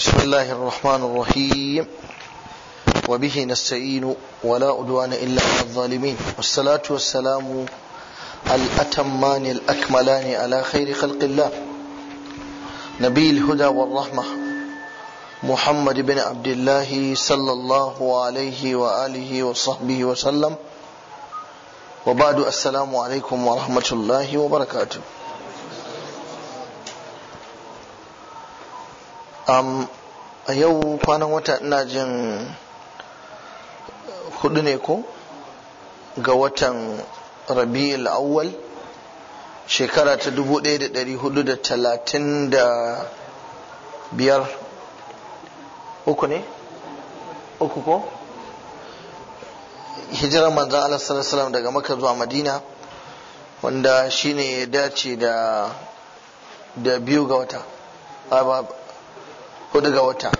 بسم الله الرحمن الرحيم وبه نستعين ولا أدوان إلا على الظالمين والصلاة والسلام الأتمان الأكملان على خير خلق الله نبي الهدى والرحمة محمد بن عبد الله صلى الله عليه وآله وصحبه وسلم وبعد السلام عليكم ورحمة الله وبركاته a yau kwanan wata ina jin hudu ne ko ga watan rabi'ul awwal shekara ta 1435 uku ne uku ko hijirar manzan Allah daga maka zuwa madina wanda shine ya dace da biyu ga wata hudu ga wata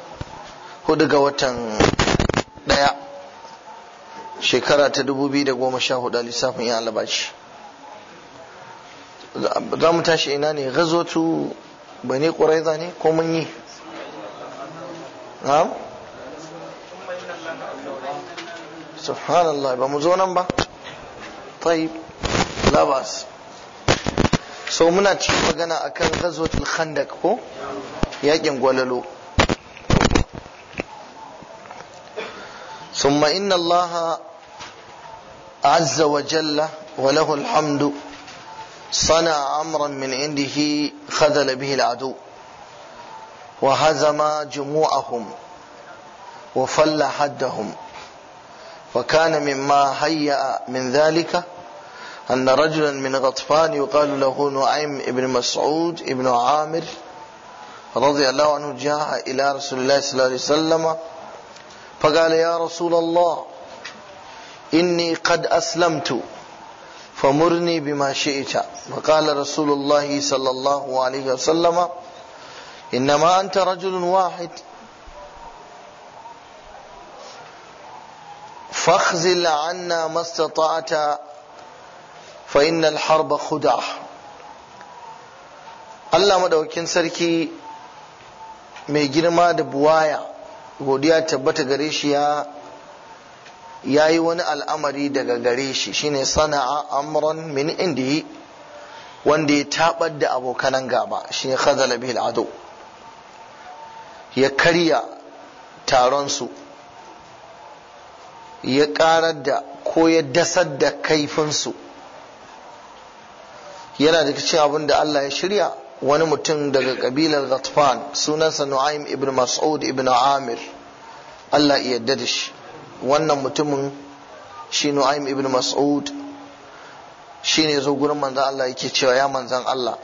hudu ga watan daya shekara ta dubu biyu da goma sha a lissafin ya albashi za mu tashi ina ne gazotu ne kurai ne ko mun yi na'am subhanallah ba mu zo nan ba tai labas so muna cikin magana akan gazotul khandak ko yakin gwalalo ثم إن الله عز وجل وله الحمد صنع أمرا من عنده خذل به العدو وهزم جموعهم وفل حدهم وكان مما هيأ من ذلك أن رجلا من غطفان يقال له نعيم بن مسعود بن عامر رضي الله عنه جاء إلى رسول الله صلى الله عليه وسلم فقال يا رسول الله إني قد أسلمت فمرني بما شئت فقال رسول الله صلى الله عليه وسلم إنما أنت رجل واحد فاخزل عنا ما استطعت فإن الحرب خدعة Allah madaukin sarki mai girma da buwaya godiya tabbata gare shi ya ya yi wani al'amari daga gare shi shine sana'a amran min indihi wanda ya tabar da abokanan gaba shine khazala bihil ado ya karya taron su ya karar da ko ya dasar da kaifinsu yana da cikin abin da Allah ya shirya wani mutum daga kabilar ghatfan sunansa nu'aym ibn mas'ud ibn amir Allah ya yarda da shi wannan mutumin shi nu'aym ibn mas'ud shine zo gurin manzon Allah yake cewa ya manzon Allah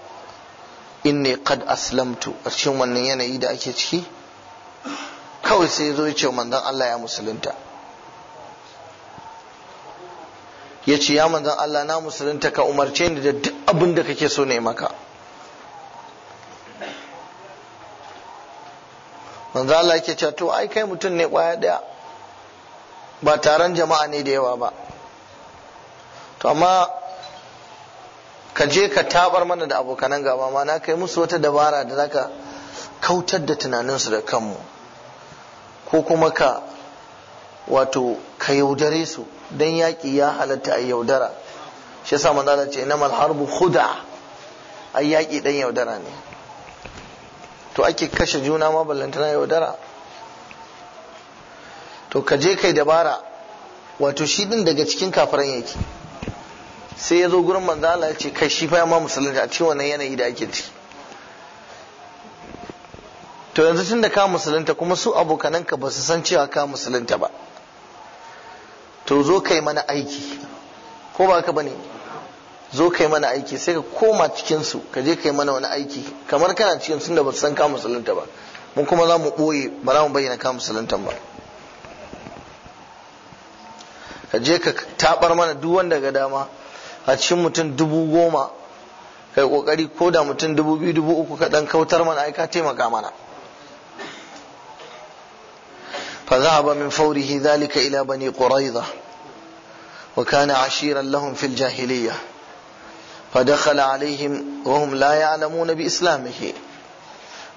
inni qad aslamtu a cikin wannan yanayi da ake ciki kawai sai zo ya ce manzon Allah ya musulunta yace ya manzon Allah na musulunta ka umarce ni da duk abin da kake so ne maka manzo Allah yake cewa to ai kai mutum ne kwaya daya ba taron jama'a ne da yawa ba to amma ka je ka tabar mana da abokanan gaba ma na kai musu wata dabara da zaka kautar da tunaninsu da kanmu ko kuma ka wato ka yaudare su don yaƙi ya halatta a yaudara shi yasa manzo Allah ce inamal harbu khuda ai yaƙi dan yaudara ne to ake kashe juna ma ballantana yaudara to ka je kai dabara wato shi din daga cikin kafiran yake sai ya zo gurin Manzala ya ce kai shi fa ma musulunci a cewa nan yanayi da ake ci to yanzu tun da ka musulunta kuma su abokananka ba su san cewa ka musulunta ba to zo kai mana aiki ko ba ka bane zo ka yi mana aiki sai ka koma cikinsu kaje ka je kai mana wani aiki kamar kana cikin sun da ba san kama musulunta ba mun kuma za mu ɓoye ba za mu bayyana kama musuluntan ba ka je ka tabar mana duk wanda ga dama a cikin mutum dubu goma kai kokari ko da mutum dubu biyu dubu uku ka dan kautar mana aika taimaka mana فذهب من فوره ذلك إلى بني قريظة وكان عشيرا لهم في الجاهليه فدخل عليهم وهم لا يعلمون بإسلامه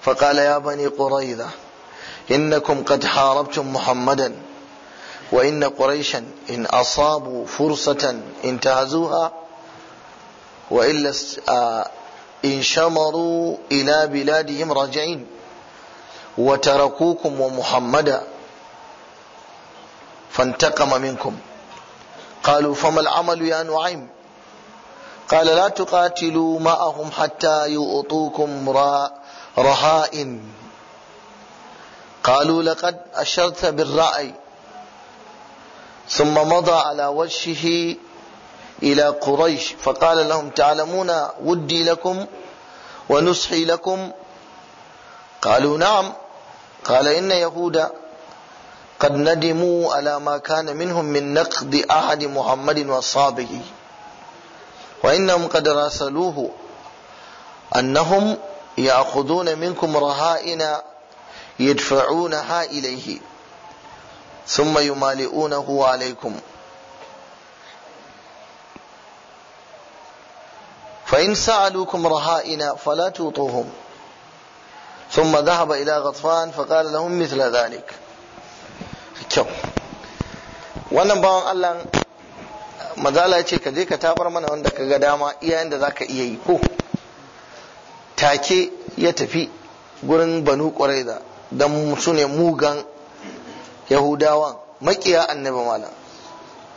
فقال يا بني قريظة إنكم قد حاربتم محمدا وإن قريشا إن أصابوا فرصة انتهزوها وإلا إن شمروا إلى بلادهم راجعين وتركوكم ومحمدا فانتقم منكم قالوا فما العمل يا نعيم قال لا تقاتلوا معهم حتى يؤطوكم رهائن قالوا لقد أشرت بالرأي ثم مضى على وجهه إلى قريش فقال لهم تعلمون ودي لكم ونصحي لكم قالوا نعم قال إن يهود قد ندموا على ما كان منهم من نقد أحد محمد وصابه وإنهم قد راسلوه أنهم يأخذون منكم رهائن يدفعونها إليه ثم يمالئونه عليكم فإن سألوكم رهائن فلا توطوهم ثم ذهب إلى غطفان فقال لهم مثل ذلك wannan bawan Allah mazala ya ce ka je ka tabar mana wanda ka ga dama iyayen da za ka iya yi ko take ya tafi gurin banu da don su ne mugan yahudawan makiya annabi malam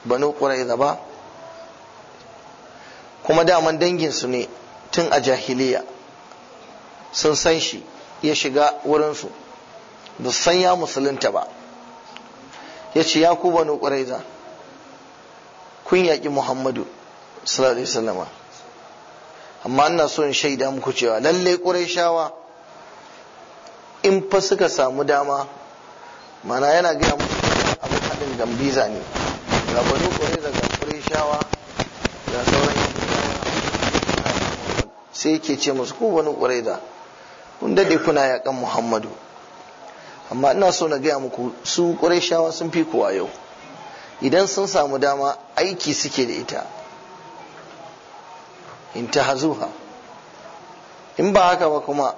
banu ba kuma daman danginsu ne tun a jahiliya sun san shi ya shiga wurinsu da san ya musulunta ba ya ce ya ku banu kun yaƙi muhammadu sallallahu alaihi wasallama amma ina so in shaida muku cewa lallai ƙurayshawa in fa suka samu dama mana yana gaya musu abin haɗin gambiza ne ga banu ƙurayza ga ƙurayshawa ga sauran sai yake ce musu ko banu ƙurayza kun daɗe kuna yaƙan muhammadu amma ina so na gaya muku su ƙurayshawa sun fi kuwa yau idan sun samu dama aiki suke da ita in ta hazuha in ba haka ba kuma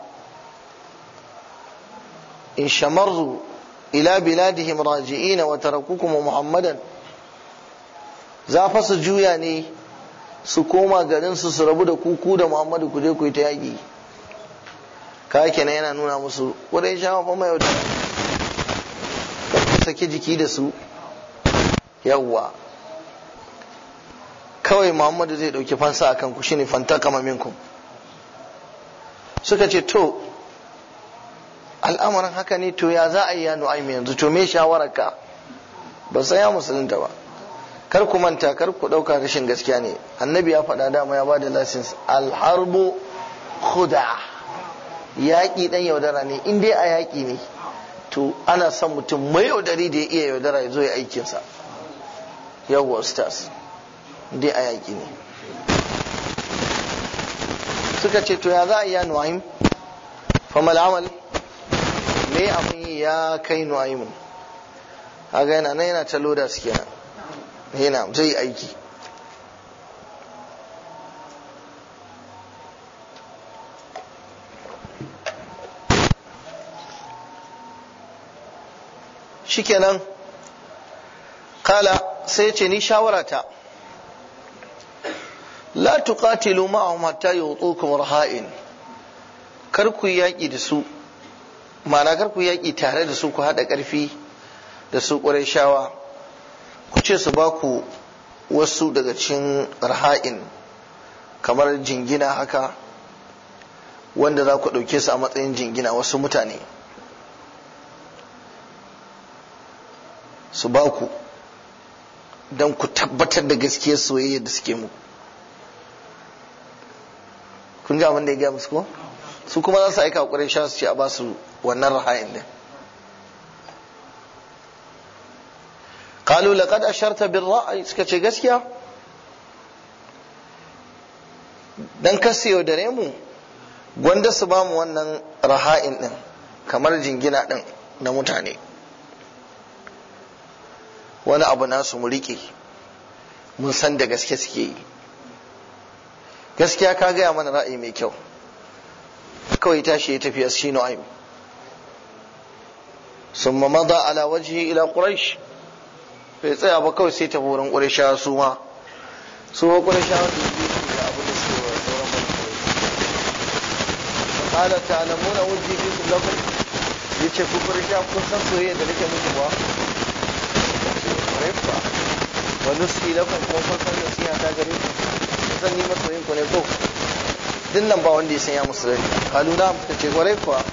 in shamarzu ila biladihim raji'ina wa tarakukum muhammadan za fa su juya ne su koma garin su su rabu da kuku da muhammadu ku je ku ta yaƙi ka kenan yana nuna musu ƙurai shawa fa mai saki jiki da su yawwa kawai muhammadu zai dauki fansa akan ku shine kama minkum suka ce to al'amarin haka ne to ya za a yi ya nu'aimi yanzu to me shawararka ba sai ya musulunta ba kar ku manta kar ku dauka rashin gaskiya ne annabi ya faɗa dama ya ba da license alharbu khuda yaƙi ɗan yaudara ne in dai a yaƙi ne to ana son mutum mai yaudari da ya iya yaudara ya zo ya aikinsa yawwa ustaz dai a yaƙi ne suka ce to ya za a iya nuwaim famal amal me abin yi ya kai nuwaimun a ga yana nan yana ta loda suke kenan yana zai aiki shikenan kala sai ce ni shawarata la tuqatilu ma'ahum hatta yutukum raha'in kar ku yaki da su ma'ana kar ku yaki tare da su ku hada karfi da su shawa ku ce su ba ku wasu daga cikin raha'in kamar jingina haka wanda za ku ɗauke su a matsayin jingina wasu mutane su ba ku don ku tabbatar da gaskiyar soyayya da suke mu. kun ji abin ya gaya musu ko su kuma za su aika hakurin sha su ce a ba su wannan raha'in din قالوا sharta bin ra'ayi suka ce gaskiya Don ka kasi yaudare mu gwanda su ba mu wannan raha'in ɗin kamar jingina ɗin na mutane wani abu nasu mu rike mun san da gaske suke yi gaskiya ka gaya mana ra'ayi mai kyau kawai tashi ya tafi asino aim sun maza ala waje ila quraish bai tsaya ba kawai sai tafi wurin qurayshawa su ma su ma qurayshawa su yi da abu da su sauran mutane qala ta'lamuna wajhi fi Ya yace ku qurayshawa kun san soyayya da nake muku ba wa nuski kuma kun san nasiha ta gare ku kun san ne ko nan ba wanda ya sanya musulunci na ce kwarai kuwa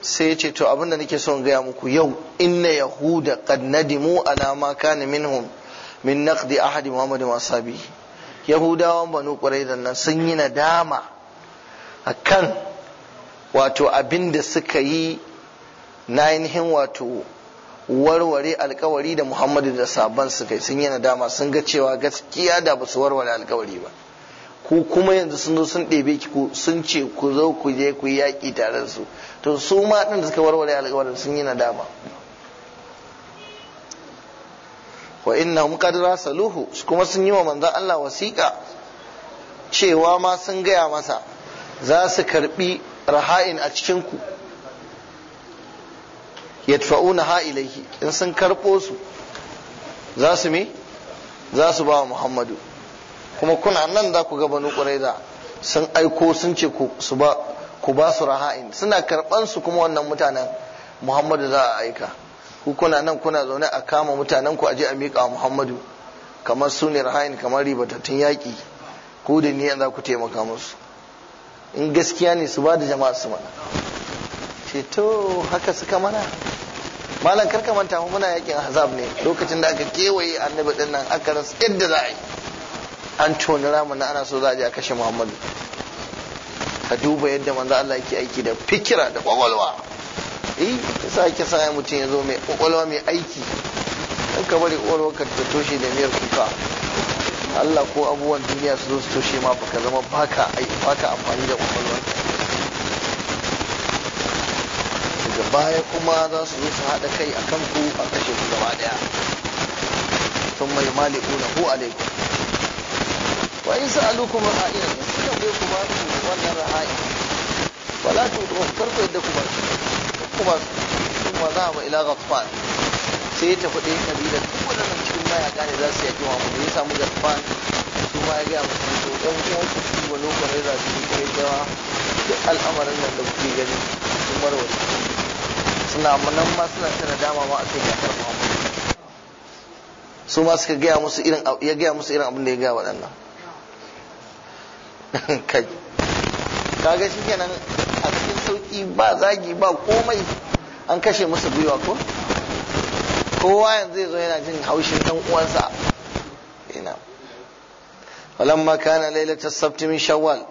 sai ce to abin da nake son gaya muku yau inna yahuda qad nadimu ala ma kana minhum min naqdi ahadi muhammad wa sabi yahudawan banu quraidan nan sun yi nadama akan wato abin da suka yi na ainihin wato warware alkawari da muhammadu da sabon su kai sun yi nadama sun ga cewa gaskiya da ba su warware alkawari ba ku kuma yanzu sun zo sun ɗebe ki ku sun ce ku zo ku je ku yi yaƙi tare su to su ma ɗin da suka warware alkawarin sun yi nadama wa innahum qad rasaluhu kuma sun yi wa manzon Allah wasiƙa cewa ma sun gaya masa za su karbi raha'in a cikin ku ha ilaihi in sun karbo su za su me za su ba Muhammadu kuma kuna nan za ku ga banu Quraiza sun aiko sun ce ku ba su raha'in suna karban su kuma wannan mutanen Muhammadu za a aika ku kuna nan kuna zaune a kama mutanen ku aje a miƙa Muhammadu kamar su ne raha'in kamar ribatattun yaki ku da niyan za ku taimaka musu in gaskiya ne su ba da jama'a su mana ce to haka suka mana malam karka manta mu muna yakin azab ne lokacin da aka kewaye annabi ɗin nan aka rasa yadda za a yi an toni ramin ana so za a je a kashe muhammadu ka duba yadda manzo Allah yake aiki da fikira da kwakwalwa eh yasa ake sa mutum ya zo mai kwakwalwa mai aiki in ka bari kwakwalwa ka ta toshe da miyar kuka Allah ko abubuwan duniya su zo su toshe ma baka zama baka baka amfani da kwakwalwa baya kuma za su zo su haɗa kai a kanku a kashe ku gaba ɗaya sun mai mali ƙuna ku alaikum wa in kuma ra'ayin suka bai ku ba su wannan ra'ayin wala tu karku yadda ku ba su ku ba su sun ma za mu ila ghatfan sai ya tafi ɗaya kabila duk waɗannan cikin mayaka ne za su yi ajiyar mu ya samu ghatfan su ma ya gaya musu to ɗan uwan ku su wa lokacin da su yi kai da al'amarin nan da kuke gani sun warware suna nan ma suna ta dama ma akan a muhammadu su ma suka gaya musu irin ya gaya musu irin abin da ya gaya waɗannan kai kaga kenan a cikin sauki ba zagi ba komai an kashe musu gwiwa ko kowa yanzu zai zo yana jin haushin dan uwansa ina ولما كان ليلة السبت ila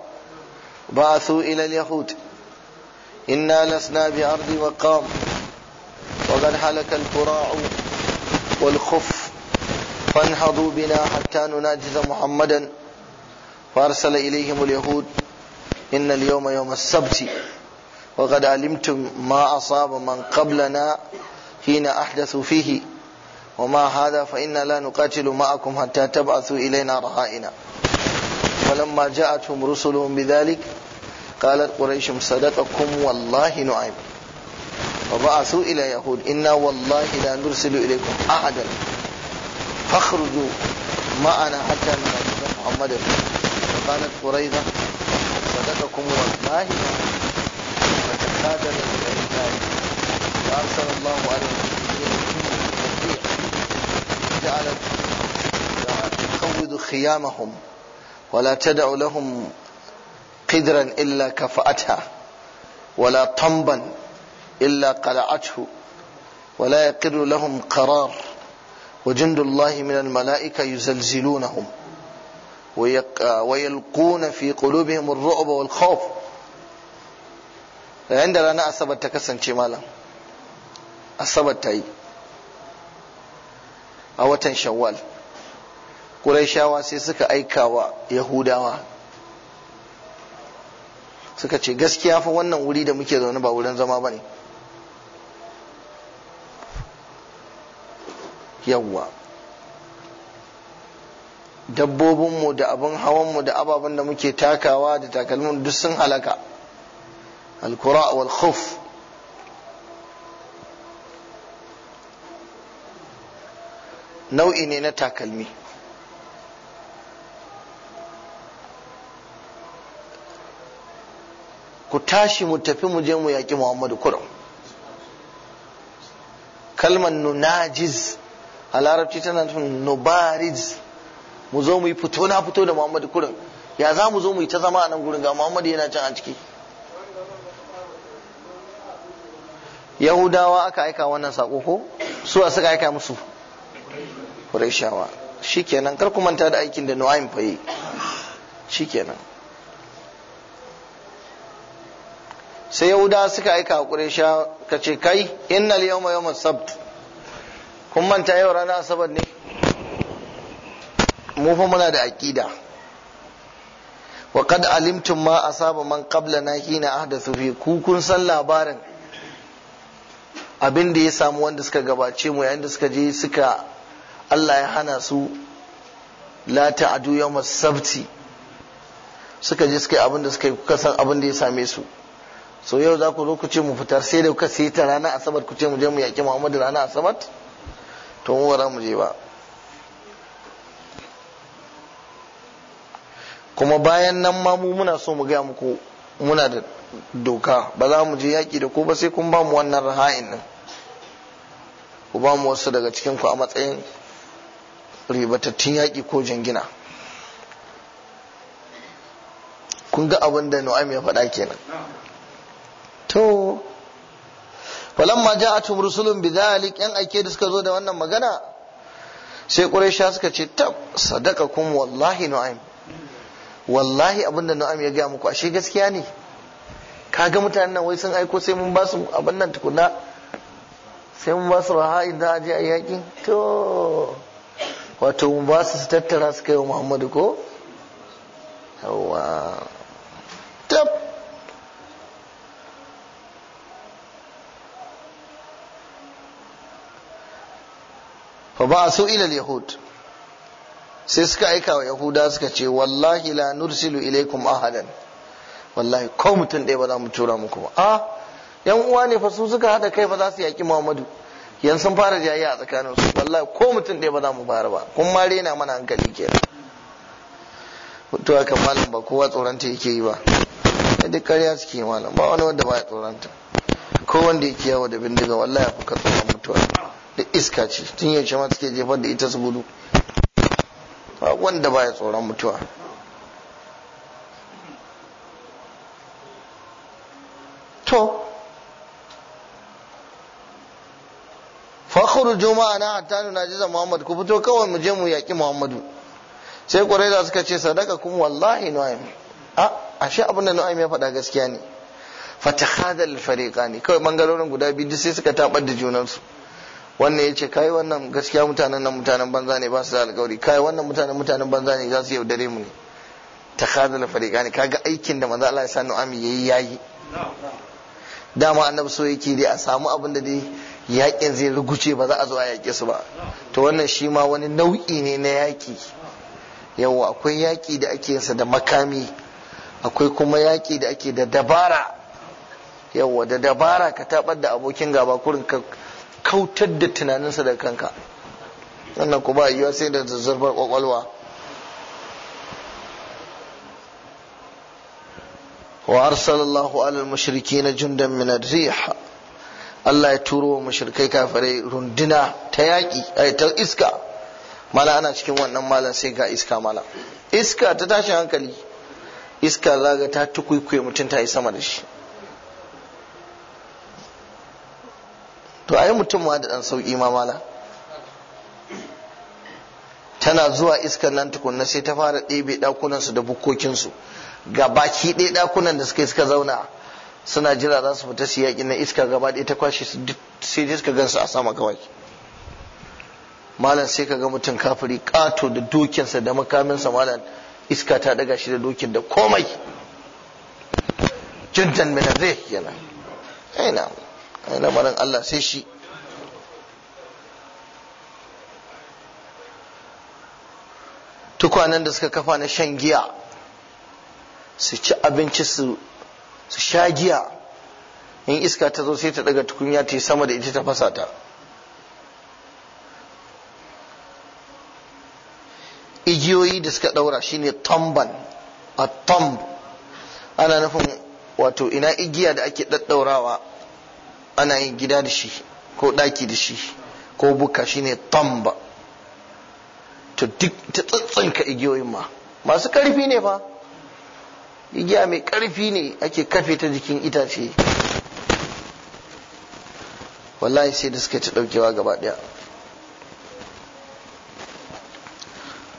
al-yahud inna lasna bi ardi wa qam وقد هلك الكراع والخف فانهضوا بنا حتى نناجز محمدا فأرسل إليهم اليهود إن اليوم يوم السبت وقد علمتم ما أصاب من قبلنا حين أحدثوا فيه وما هذا فإنا لا نقاتل معكم حتى تبعثوا إلينا رهائنا فلما جاءتهم رسلهم بذلك قالت قريش صدقكم والله نعيم فبعثوا إلى يهود إنا والله لا نرسل إليكم أحدا فاخرجوا معنا حتى ننادي محمدا فقالت قريظة صدقكم والله فتكادر الله فأرسل الله على جعلت تخوض خيامهم ولا تدع لهم قدرا إلا كفأتها ولا طنبا إلا قلعته ولا يقر لهم قرار وجند الله من الملائكة يزلزلونهم ويلقون في قلوبهم الرعب والخوف عند رانا أصبت تكسن شمالا أصبت تأي a شوال قريشا واسيسك أيكا ويهودا aika wa yahudawa suka ce gaskiya fa wannan wuri da muke zaune ba wurin zama ba ne yawwa dabbobinmu da abin hawanmu da ababen da muke takawa da takalmin duk sun halaka alkura wal khuf nau'i ne na takalmi ku tashi mu tafi mu je mu yaƙi muhammadu kurum kalmar nunajiz a larabci tana nufin nubariz mu zo mu yi fito na fito da muhammadu kurin ya za mu zo mu yi ta zama a nan gurin ga muhammadu yana can a ciki yahudawa aka aika wannan sako ko su a suka aika musu ƙurayshawa shikenan kar ku manta da aikin da nu'aym fa yi kenan sai yahudawa suka aika ka ce kai innal yawma yawmas sabt kun manta yau ranar asabar ne mu fa muna da aƙida. wa qad alimtum ma asaba man qablana hina ahdathu fi ku kun san labarin abin da ya samu wanda suka gabace mu yayin da suka je suka Allah ya hana su la ta'adu yawm sabti suka je suka yi abin suka yi kuka san abin da ya same su so yau za ku zo ku ce mu fitar sai da kuka sai ta ranar asabar ku ce mu je mu yaƙi Muhammadu ranar asabar to mu ba mu je ba kuma bayan nan ma mu muna so mu gaya muku muna da doka ba za mu je yaƙi da ku ba sai kun ba mu wannan raha'in nan ku ba mu wasu daga cikin ku a matsayin ribatattun yaƙi ko jingina kun ga abin da nu'am ya faɗa kenan to falamma ja'atuhum rusulun bidhalik yan aike da suka zo da wannan magana sai quraisha suka ce tab sadaqakum wallahi nu'aim wallahi abinda nu'aim ya gaya muku ashe gaskiya ne kaga mutanen nan wai sun aiko sai mun ba su abin nan tukuna sai mun ba su raha idan aje a yakin to wato mun ba su tattara su kai wa muhammadu ko yawwa tab fa ba su ila yahud sai suka aika wa yahuda suka ce wallahi la nursilu ilaikum ahadan wallahi ko mutum ɗaya ba za mu tura muku ba a ah, yan uwa ne fa su suka hada kai ba za su yaki muhammadu yan sun fara jayayya a tsakanin su wallahi ko mutum ɗaya ba za mu fara ba kun ma rena mana hankali kenan to haka malam ba kowa tsoronta yake yi ba duk ƙarya suke malam ba wani wanda ba ya tsoronta ko wanda yake yawo da bindiga wallahi ya fuka tsoron mutuwa da iska ce tun yaushe ma suke jefar da ita su gudu wanda baya tsoron mutuwa to fakhru juma'a na hatta na jiza muhammad ku fito kawai mu je mu yaki muhammadu sai da suka ce sadaka kun wallahi nu'aym a ashe abin da nu'aym ya faɗa gaskiya ne fatahadal ne kawai bangalorin guda biyu sai suka tabar da junansu wannan yace kai wannan gaskiya mutanen nan mutanen banza ne ba su da alƙawari kai wannan mutanen mutanen banza ne za su yaudare mu ne Ta takhazala fariqani kaga aikin da manzo Allah ya sa Nu'ami yayi yayi dama annabi so yake dai a samu abin da dai yaƙin zai ruguce ba za a zo a yaƙi su ba to wannan shi ma wani nau'i ne na yaƙi yawa akwai yaƙi da ake yinsa da makami akwai kuma yaƙi da ake da dabara yawa da dabara ka tabar da abokin gaba kurin kautar da tunaninsa da kanka wannan ku ba yiwa sai da zazzabar kwakwalwa wa arsalallahu alal mashirki na jundan min riha Allah ya turo wa mashirkai kafirai runduna ta yaƙi eh, ta iska mala ana cikin wannan malan sai ga iska mala iska ta tashin hankali iska zaga ta tukwikwe mutum ta yi sama da shi to ai mutum ma da ɗan sauki ma mala tana zuwa iskar nan tukunna sai ta fara ɗebe ɗakunansu da bukkokinsu ga baki ɗaya ɗakunan da suka suka zauna suna jira za su fita su yaƙi na iska gaba ɗaya ta kwashe sai dai suka gansu a sama kawai malam sai ka ga mutum kafiri ƙato da dokinsa da makaminsa malam iska ta ɗaga shi da dokin da komai jintan mina zai yana ai lamarin Allah sai shi tukwanen da suka kafa na shan giya su ci abinci su sha giya in iska ta zo sai ta daga tukunya ta yi sama da ita ta fasa ta igiyoyi da suka daura shine tamban a tamb ana nufin wato ina igiya da ake daddaurawa ana yin gida da shi ko ɗaki da shi ko buka ne tamba to duk ta tsantsanka igiyoyin ma masu ƙarfi ne fa igiya mai ƙarfi ne ake kafe ta jikin itace wallahi sai da suka ci ɗaukewa gaba ɗaya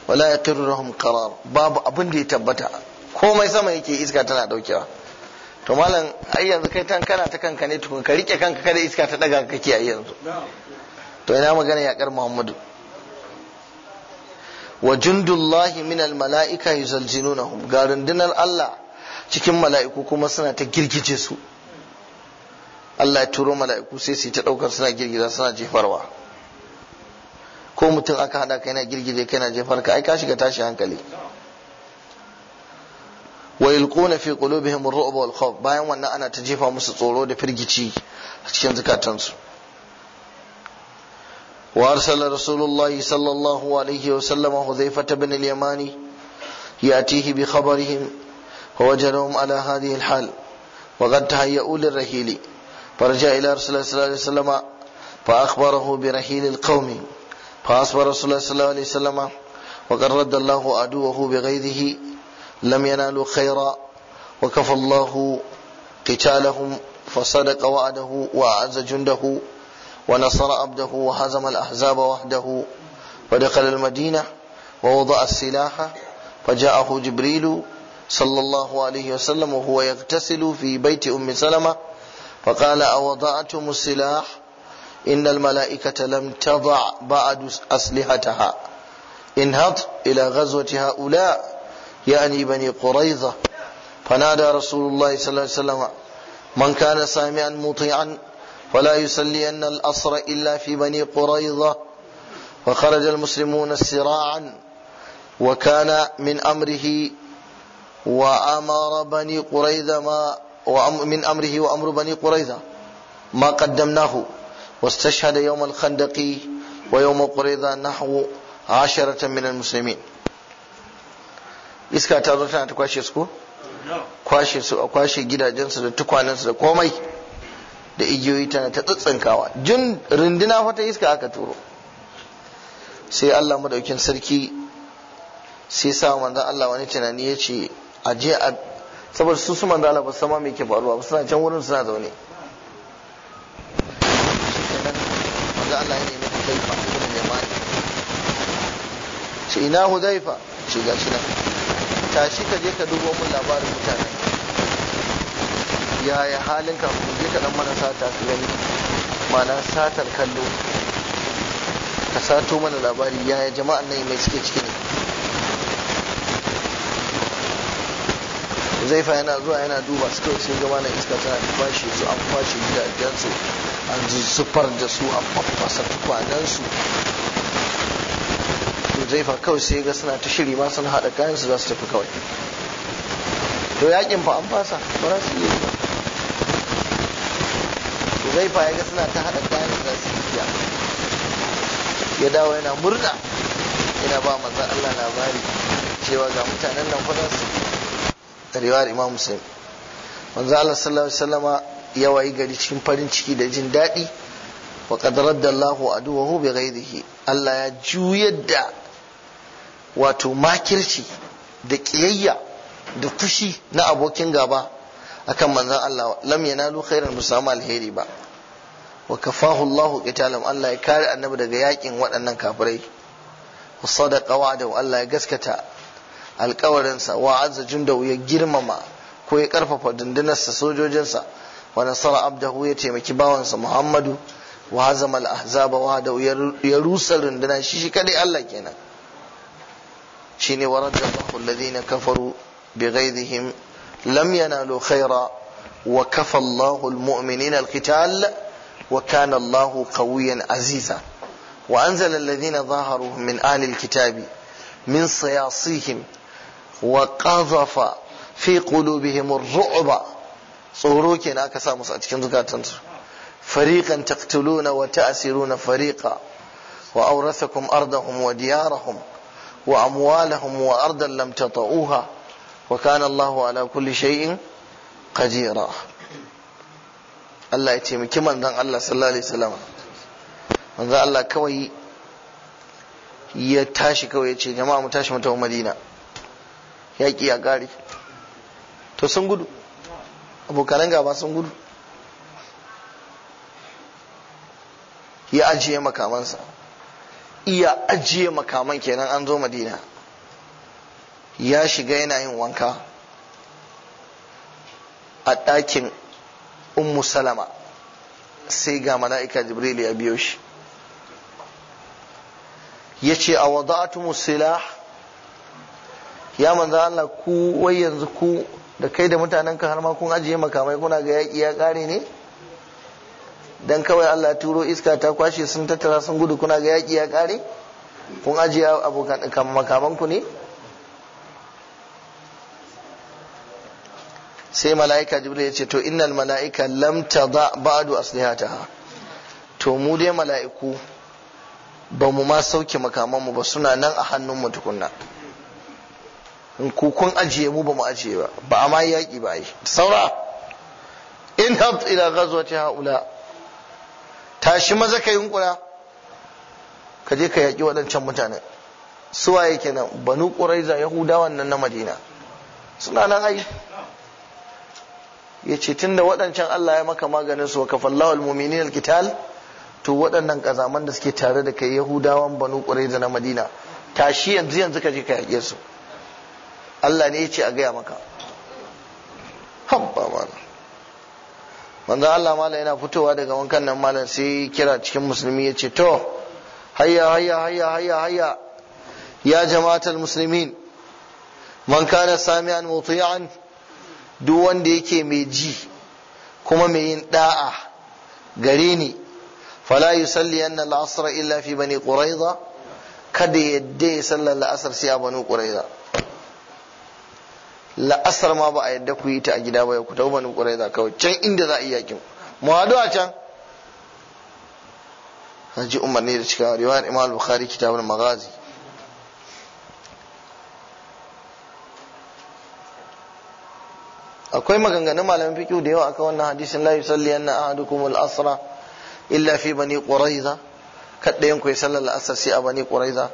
wala ya rahum karar babu abin da ya tabbata komai sama yake iska tana ɗaukewa to malam ai yanzu kai tan kana ta kanka ne tukun ka rike kanka kada iska ta daga kake a yanzu to ina magana yakar muhammadu wa jundullahi min al mala'ika yuzaljinunahum ga rundunar Allah cikin mala'iku kuma suna ta girgije su Allah ya turo mala'iku sai su ta daukar suna girgiza suna jefarwa ko mutum aka hada kai na girgije kai na jefar ka ai ka shiga tashi hankali wa yulquna fi qulubihim ar-ru'ba wal khawf bayan wannan ana ta jefa musu tsoro da firgici a cikin zakatansu wa arsala rasulullahi sallallahu alaihi wa sallama hudhayfa ibn al-yamani yatihi bi khabarihim wa wajadahum ala hadhihi al-hal wa qad tahayya'u lir-rahili فرجع إلى رسول الله صلى الله عليه وسلم فأخبره برحيل القوم فأصبر رسول الله صلى الله عليه وسلم وقد رد الله عدوه بغيظه لم ينالوا خيرا وكفى الله قتالهم فصدق وعده وأعز جنده ونصر عبده وهزم الأحزاب وحده ودخل المدينة ووضع السلاح فجاءه جبريل صلى الله عليه وسلم وهو يغتسل في بيت أم سلمة فقال أوضعتم السلاح إن الملائكة لم تضع بعد أسلحتها انهض إلى غزوة هؤلاء يعني بني قريظة فنادى رسول الله صلى الله عليه وسلم من كان سامعا مطيعا فلا يسلين الأصر إلا في بني قريظة فخرج المسلمون سراعا وكان من أمره وأمر بني قريظة ما ومن أمره وأمر بني قريظة ما قدمناه واستشهد يوم الخندق ويوم قريظة نحو عشرة من المسلمين iska ta zo tana ta kwashe su ko kwashe su a kwashe gidajensu da tukwanensu da komai da igiyoyi tana ta tsitsinkawa jin rindina fata iska aka turo sai Allah madaukin sarki sai sa manzon Allah wani tunani ya ce a je a saboda su su manzon Allah ba sama me ke faruwa ba suna can wurin suna zaune Allah ya nemi ce ina hudaifa ce gashi nan tashi ka je ka dubo mun labarin mutane yaya halin ka ku je ka dan mana sata su gani mana satar kallo ka sato mana labari yaya jama'an nan mai suke ciki ne zai fa yana zuwa yana duba su kawai sun gama na iska tana kwashe su an kwashe gidajensu an zuffar da su a fafasa tukwanensu huzaifa kawai sai ga suna ta shiri ma sun haɗa kayan su za su tafi kawai to yakin fa an fasa ba za su yi ba huzaifa ya ga suna ta haɗa kayan su za su yi ya dawo yana murna yana ba manzon Allah labari cewa ga mutanen nan fa su da riwayar Imam Muslim manzon Allah sallallahu alaihi wasallama ya wayi gari cikin farin ciki da jin daɗi wa qad radda Allahu aduwahu da ke? Allah ya juyar da wato makirci da ƙiyayya da fushi na abokin gaba akan manzon Allah lam yanalu khairan musamma alheri ba wa kafahu Allah qitalam Allah ya kare annabi daga yakin waɗannan kafirai wa sadaqa wa'dahu Allah ya gaskata alƙawarin sa wa azza jundahu ya girmama ko ya karfafa sa sojojin sa wa nasara abdahu ya taimaki bawansa Muhammadu wa hazama al-ahzaba wa da ya rusa rundunar shi shi kadai Allah kenan shine warad Allahu alladhina kafaru bighaydihim lam yanalu khaira wa kafa Allahu almu'minina alqital wa kana Allahu qawiyan aziza wa anzala alladhina zaharuhum min ahli alkitabi min sayasihim wa qadhafa fi qulubihim ar-ru'ba tsoro kenan aka sa musu a cikin zukatansu fariqan wata asiru na fariqa wa awrathakum ardahum wa diyara hum. wa amwalahum wa ardan lam tatuha wa kana Allahu ala kulli shay'in qadira Allah ya taimaki manzon Allah sallallahu alaihi wasallam Allah kawai ya tashi kawai ya ce jama'a mu tashi mu tafi Madina ya ki ya gari to sun gudu abokan gaba sun gudu ya ajiye makamansa iya ajiye makaman kenan an zo madina ya shiga yana yin wanka a ɗakin ummu salama sai ga mala'ika jibril ya biyo shi ya ce a wada'atumu silah ya manzo Allah ku wai yanzu ku da kai da mutanen ka har ma kun ajiye makamai kuna ga yaƙi ya ƙare ne dan kawai Allah turo iska ta kwashe sun tattara sun gudu kuna ga yaki ya kare kun ajiye abokan makaman ku ne sai mala'ika jibril ya ce to innal mala'ika lam tada ba'du aslihataha to mu dai mala'iku ba mu ma sauke makaman mu ba suna nan a hannun mu tukunna in ku kun ajiye mu ba mu ajiye ba ba a ma yaki ba yi saura in hab ila ghazwati haula tashi maza ka yunkura ka je ka yaƙi waɗancan mutane suwaye kenan banu ƙuraiza yahudawan nan na madina suna nan ai ya ce tun da waɗancan Allah ya maka maganin su wa kafallahu al alqital to waɗannan ƙazaman da suke tare da kai yahudawan banu qurayza na madina tashi yanzu yanzu ka je ka yaƙe su Allah ne ya ce a gaya maka habba mana manzo Allah malam yana fitowa daga wankan nan malam sai kira cikin musulmi ya ce to hayya hayya hayya hayya hayya ya jama'atul muslimin man kana sami'an muti'an duk wanda yake mai ji kuma mai yin da'a gare ni fala yusalli anna al-asr illa fi bani quraiza kada yadda ya sallar la'asar sai a bani quraiza la'asar ma ba a yadda ku yi ta a gida ba ku tafi ni ƙurai za kawai can inda za a yi kin mu hadu a can haji umarni da cika riwayar imam al-bukhari kitabul maghazi akwai maganganun malamin fiqh da yawa akan wannan hadisin la yusalli anna ahadukum al-asra illa fi bani quraiza kaddayan ku ya sallar al-asr sai a bani quraiza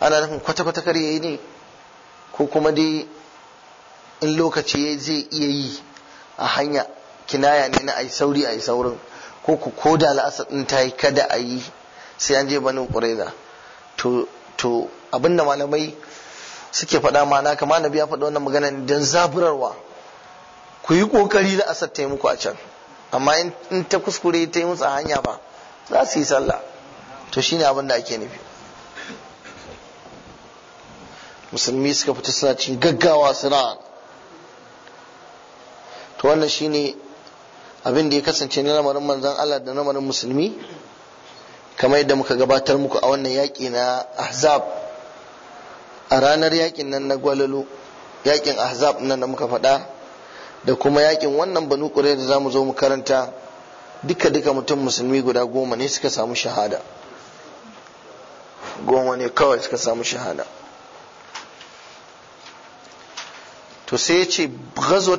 ana nufin kwata kwata kar yayi ne ko kuma dai in lokaci zai iya yi a hanya kinaya ne na ai sauri ai saurin ko ku koda la'asar din ta yi kada a yi sai an je banin ƙureza to abinda malamai suke faɗa mana kama nabi ya faɗa wannan magana don zaburarwa ku yi ƙoƙari la'asar ta yi muku a can amma in ta kuskure ta yi musu a hanya ba za su yi sallah to shine abin da ake nufi musulmi suka fita suna cin gaggawa suna to wannan shine abin da ya kasance na lamarin manzan Allah da lamarin musulmi kamar yadda muka gabatar muku a wannan yaƙi na ahzab a ranar yaƙin nan na gwalalo yaƙin ahzab nan da muka faɗa da kuma yaƙin wannan banu ƙure da za mu zo mu karanta duka duka mutum musulmi guda goma ne suka samu shahada goma ne suka samu shahada to sai ya ce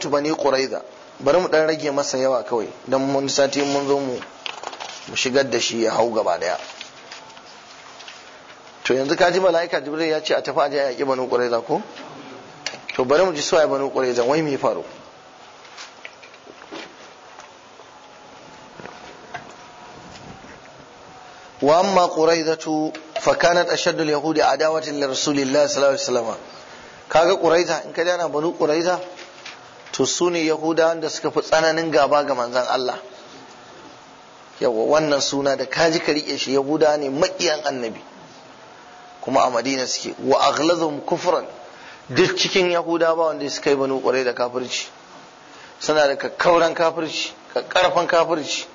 bane bani da bari mu dan rage masa yawa kawai don mun sati mun zo mu mu shigar da shi ya hau gaba daya to yanzu ka ji mala'ika jibril ya ce a tafi aje a yaƙi kurai da ko to bari mu ji suwaye banu da wai me faru واما قريضه فكانت اشد اليهود عداوه yahudi adawatan lirrasulillahi sallallahu alaihi wasallam kaga ƙuraiza in ka dana banu ƙuraiza to su ne yahudawan da suka fi tsananin gaba ga manzan Allah yawa wannan suna da kaji ka riƙe shi Yahuda ne maƙiyan annabi kuma a madina suke wa aghlazum kufran duk cikin yahudawa ba wanda suka yi banu ƙurai da kafirci suna da kakkauran kafirci kakkarfan kafirci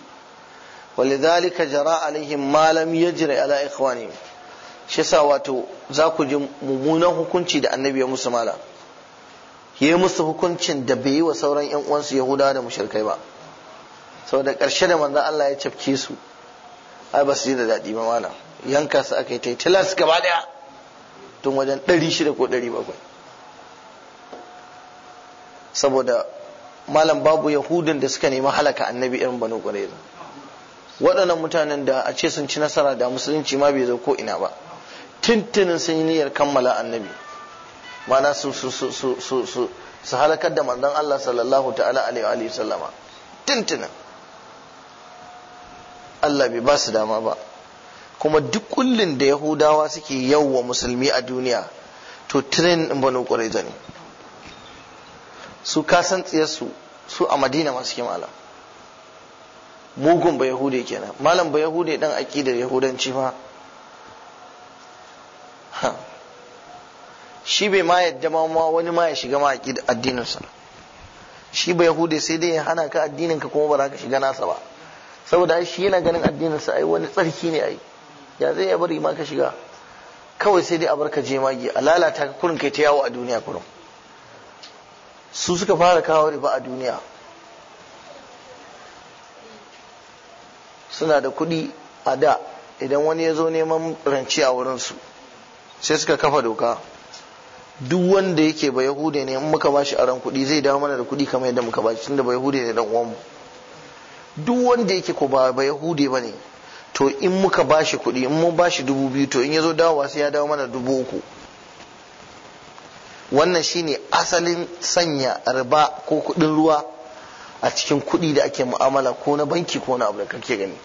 walidhalika jara alaihim ma lam yajri ala ikhwanihim shi sa wato za ku ji mummunan hukunci da annabi ya musu mala ya yi musu hukuncin da bai yi wa sauran yan uwansu yahudawa da mushrikai ba saboda ƙarshe da manzon Allah ya cafke su ai ba su ji da daɗi ba mala yanka su aka yi ta tilas gaba daya tun wajen ɗari shida ko ɗari bakwai saboda malam babu yahudin da suka nemi halaka annabi irin banu ƙwareza waɗannan mutanen da a ce sun ci nasara da musulunci ma bai zo ko ina ba tintinin sun yi niyyar kammala annabi mana su su su su su su su halakar da manzon Allah sallallahu ta'ala alaihi wa sallama tintinin Allah bai ba su dama ba kuma duk kullun da yahudawa suke yawwa musulmi a duniya to tren in banu qurayza ne su kasan tsiyarsu su a madina masu ke malam mugun ba yahude kenan malam ba yahude dan aqidar yahudanci ba? shi bai ma yadda ma wani ma ya shiga ma addininsa shi bai hude sai dai ya hana ka addinin ka kuma ba za ka shiga nasa ba saboda shi yana ganin addininsa ai wani tsarki ne ai ya zai ya bari ma ka shiga kawai sai dai a ka je magi a lalata ka kurin kai ta yawo a duniya kurin su suka fara kawo riba a duniya suna da kuɗi a da idan wani ya zo neman rance a wurinsu sai suka kafa doka duk wanda yake ba yahude ne in muka bashi aron kuɗi zai dawo mana da kuɗi kamar yadda muka bashi tunda ba yahude ne dan uwanmu duk wanda yake ko ba ba ne to in muka bashi kuɗi in mun bashi dubu biyu to in ya zo dawowa sai ya dawo mana dubu uku wannan shine asalin sanya riba ko kuɗin ruwa a cikin kuɗi da ake mu'amala ko na banki ko na abu da kake gani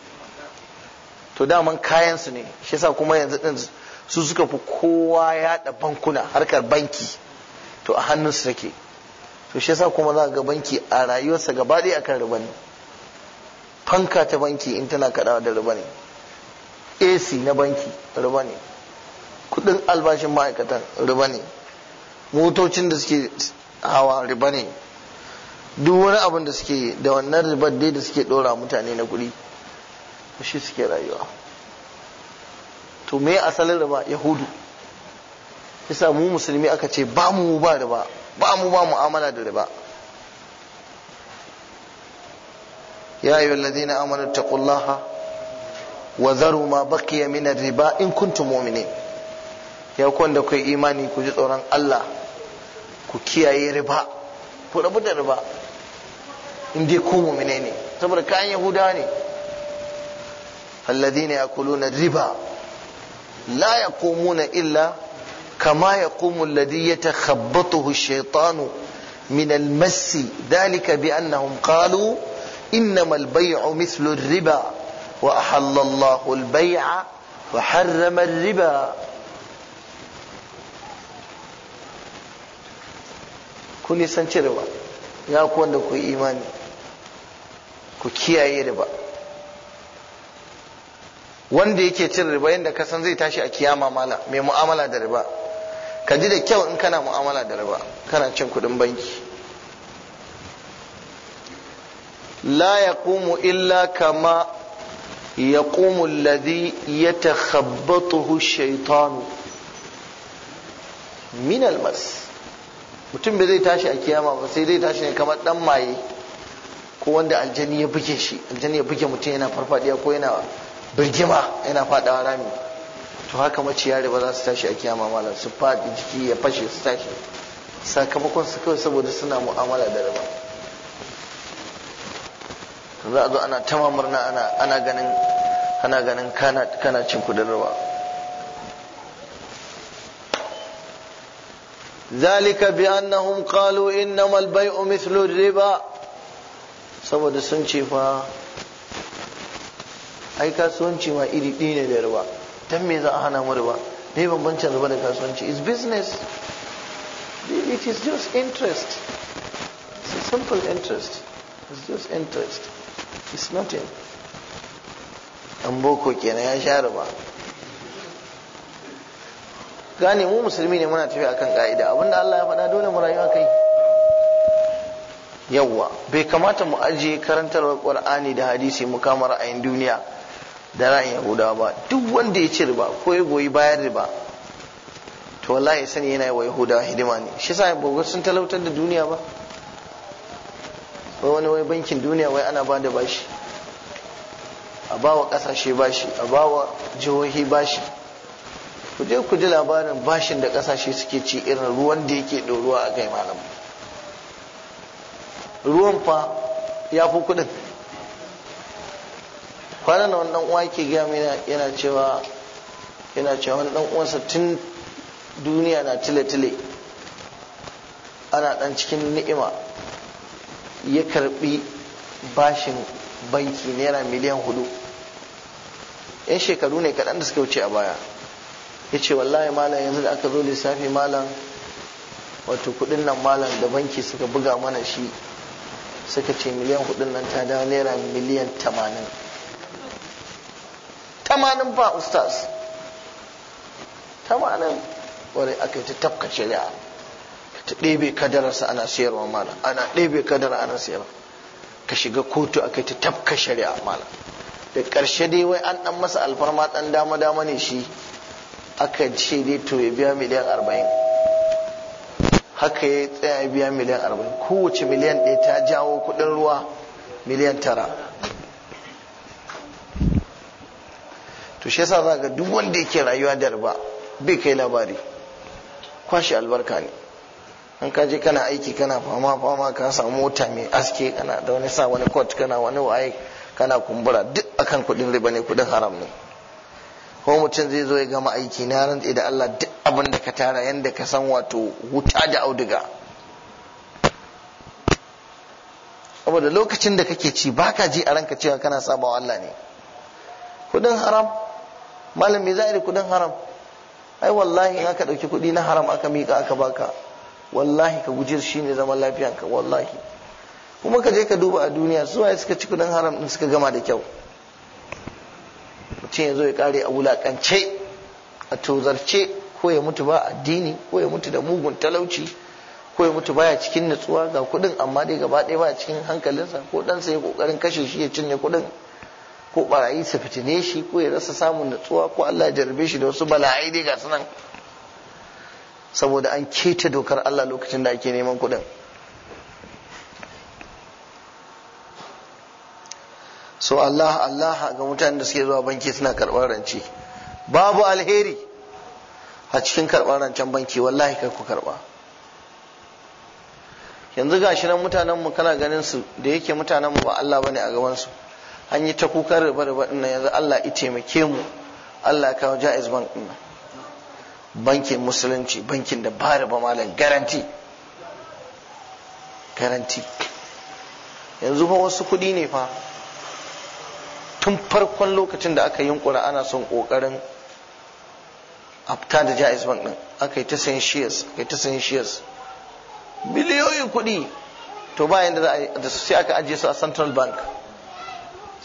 to daman kayan su ne shi yasa kuma yanzu din su suka fi kowa yaɗa bankuna harkar banki to a hannunsu take to shi yasa kuma za ga banki a rayuwarsa gaba ɗaya akan riba ne fanka ta banki in tana kaɗawa da riba ne ac na banki riba ne kudin albashin ma'aikatan riba ne motocin da suke hawa riba ne duk wani abin da suke da wannan ribar dai da suke ɗora mutane na kuɗi shi suke rayuwa to me asalin riba yahudu yasa mu musulmi aka ce ba mu ba riba ba mu ba mu'amala da riba ya na ladina amanu taqullaha wa zaru ma baqiya min riba in kuntum mu'minin ya ku wanda kai imani ku ji tsoron Allah ku kiyaye riba ku rabu da riba in dai ku mu'mine ne saboda kayan yahudawa ne alladhina yakuluna riba لا يقومون إلا كما يقوم الذي يتخبطه الشيطان من المس ذلك بأنهم قالوا إنما البيع مثل الربا وأحل الله البيع وحرم الربا كل nisanci ربا يا ku wanda ku imani ربا wanda yake cin riba yadda ka san zai tashi a kiyama mala mai mu'amala da riba ka ji da kyau in kana mu'amala da riba kana cin kuɗin banki la kumu illa kama Ladi ya ta alladhi yatakhabbathu shaitanu min almas mutum bai zai tashi a kiyama ba sai zai tashi ne kamar dan maye ko wanda aljani ya buge shi aljani ya buge mutum yana farfadiya ko yana birgima yana fadawa rami to haka maciya ba za su tashi a kiyama malam su fadi jiki ya fashe su tashi sakamakon su kawai saboda suna mu'amala da riba to za a zo ana ta murna ana ana ganin ana ganin kana kana cin kudin riba ذلك بأنهم قالوا إنما البيع مثل riba saboda sun ce fa. ai kasuwanci ma iri ɗine ne da ruwa, dan me za a hana mu riba ne bambancin riba da kasuwanci is business it is just interest it's a simple interest it's just interest it's nothing an boko kenan ya sha ruwa. gane mu musulmi ne muna tafiya akan ka'ida abinda Allah ya faɗa dole mu rayuwa kai yawwa bai kamata mu ajiye karantar ƙwar'ani da hadisi mu kama ra'ayin duniya da ra'ayin yahudawa ba duk wanda ya ci riba ko ya goyi bayan riba to ya sani yana yi wa yahudawa hidima ne shi sa ba sun talautar da duniya ba wai wani wai bankin duniya wai ana ba da bashi a ba wa kasashe bashi a ba wa jihohi bashi ku je ku ji labarin bashin da kasashe suke ci irin ruwan da yake ɗoruwa a kai malam ruwan fa ya fi kuɗin kwanan na wani uwa ke gaya mai yana cewa yana cewa wani dan uwansa tun duniya na tile-tile ana dan cikin ni'ima ya karbi bashin banki naira miliyan hudu yan shekaru ne kaɗan da suka wuce a baya ya ce wallahi malam yanzu da aka zo lissafi malam wato kudin nan malam da banki suka buga mana shi suka ce miliyan hudun nan ta dawo naira miliyan tamanin tamanin ba ustaz tamanin wani aka yi ta tafka shari'a ta ɗebe kadararsa ana sayarwa mala ana ɗebe kadara ana sayarwa ka shiga kotu aka yi ta tafka shari'a mala da ƙarshe dai wai an ɗan masa alfarma ɗan dama dama ne shi aka ce dai to ya biya miliyan arba'in haka ya tsaya ya biya miliyan arba'in kowace miliyan ɗaya ta jawo kuɗin ruwa miliyan tara to shi yasa za ga duk wanda yake rayuwa da riba bai kai labari kwashi albarka ne an ka je kana aiki kana fama fama ka samu mota mai aske kana da wani sa wani kot kana wani waye kana kumbura duk akan kudin riba ne kudin haram ne ko mutum zai zo ya gama aiki na ran da Allah duk abin da ka tara yanda ka san wato wuta da auduga saboda lokacin da kake ci baka ji a ranka cewa kana sabawa Allah ne kudin haram malam me za a yi kudin haram ai wallahi in aka ɗauki kudi na haram aka mika aka baka wallahi ka guji shi ne zaman lafiyanka wallahi kuma ka je ka duba a duniya su waye suka ci kudin haram din suka gama da kyau mutum ya zo ya kare a wulakance a tozarce ko ya mutu ba addini ko ya mutu da mugun talauci ko ya mutu baya cikin nutsuwa ga kudin amma dai gaba ɗaya ba cikin hankalinsa ko ɗansa ya kokarin kashe shi ya cinye kudin ko barayi su fitine shi ko ya rasa samun natsuwa ko Allah ya jarbe shi da wasu bala'ai dai ga sunan saboda an keta dokar Allah lokacin da ake neman kuɗin so Allah Allah ga mutanen da suke zuwa banki suna karɓar rance babu alheri a cikin karɓar rancen banki wallahi kar ku karɓa yanzu gashi nan mutanen mu kana ganin su da yake mutanen mu ba Allah bane a gaban su an yi ta kukan riba riba dinnan, yanzu Allah ya taimake mu Allah ya kawo jaiz bank din bankin musulunci bankin da ba riba malam garanti garanti yanzu fa wasu kuɗi ne fa tun farkon lokacin da aka yunkura ana son ƙoƙarin afta da jaiz bank din aka yi ta sayan shares aka yi ta sayan shares Miliyoyin kuɗi to yanda yi da sai aka ajiye su a central bank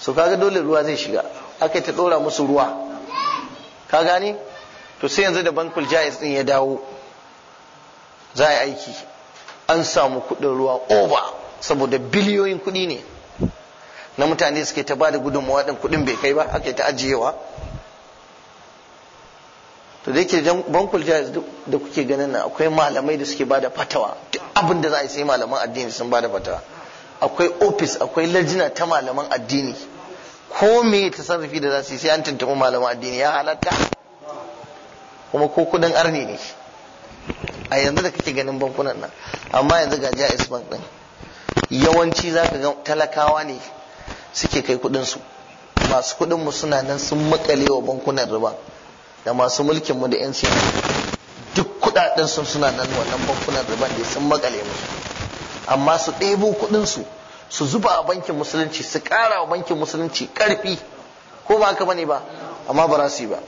so kaga dole ruwa zai shiga aka ta dora musu ruwa ka gani to sai yanzu da bankul jais din ya dawo za a yi aiki an samu kudin ruwa over saboda biliyoyin kudi ne na mutane suke ta ba da gudunmawa din kudin bai kai ba aka ta ajiyewa to da yake bankul jais da kuke ganin na akwai malamai da suke ba da fatawa duk abin da za a yi sai malaman addini sun bada da fatawa akwai ofis akwai lajina ta malaman addini ko me tasarrufi da za su yi sai an tuntuɓi malaman addini ya halatta kuma ko kudin arni ne a yanzu da kake ganin bankunan nan amma yanzu ga jais bank din yawanci za ga talakawa ne suke kai kudin su masu kudin mu suna nan sun makale wa bankunan riba da masu mulkin mu da yan siyasa duk kudaden sun suna nan wannan bankunan riban da sun makale musu amma su ɗebo kudin su su zuba a bankin musulunci su kara wa bankin musulunci karfi ko ba haka bane ba amma ba za su yi ba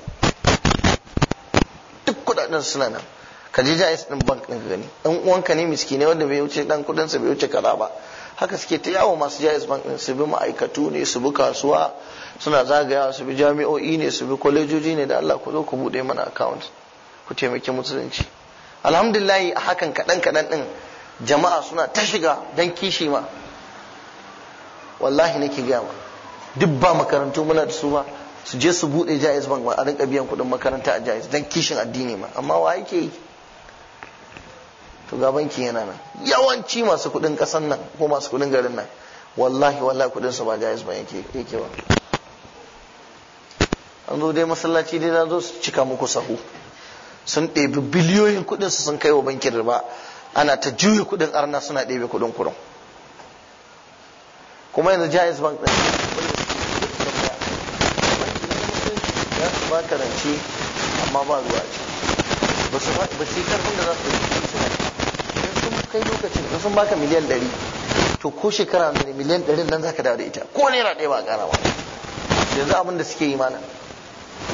duk kudaden suna nan ka je jais din bank din gani dan uwanka ne miski ne wanda bai wuce dan kudin bai wuce kaza ba haka suke ta yawo masu jais bank din su bi ma'aikatu ne su bi kasuwa suna zagayawa su bi jami'o'i ne su bi kwalejoji ne da Allah ku zo ku bude mana account ku taimaki musulunci alhamdulillah a hakan kaɗan kaɗan ɗin jama'a suna ta shiga dan kishi ma wallahi nake gaya duk ba makarantu muna da su ba su je su bude jaiz bank a rinka biyan kuɗin makaranta a jaiz dan kishin addini ma amma wa yake yi to ga banki yana nan yawanci masu kuɗin ƙasan nan ko masu kuɗin garin nan wallahi wallahi kudin su ba jaiz ba yake yake ba an zo dai masallaci dai na zo su cika muku sahu sun ɗebi biliyoyin kuɗin su sun kai wa bankin riba ana ta juya kuɗin arna suna ɗebe kuɗin kurun kuma yanzu jais bank ɗin ya su ba karanci amma ba ruwa ce ba su ba su yi karfin da za su yi su ne idan sun kai lokacin in sun baka miliyan ɗari to ko shekara mai miliyan ɗarin nan za ka dawo da ita ko naira ɗaya ba ƙara ba yanzu abin da suke yi mana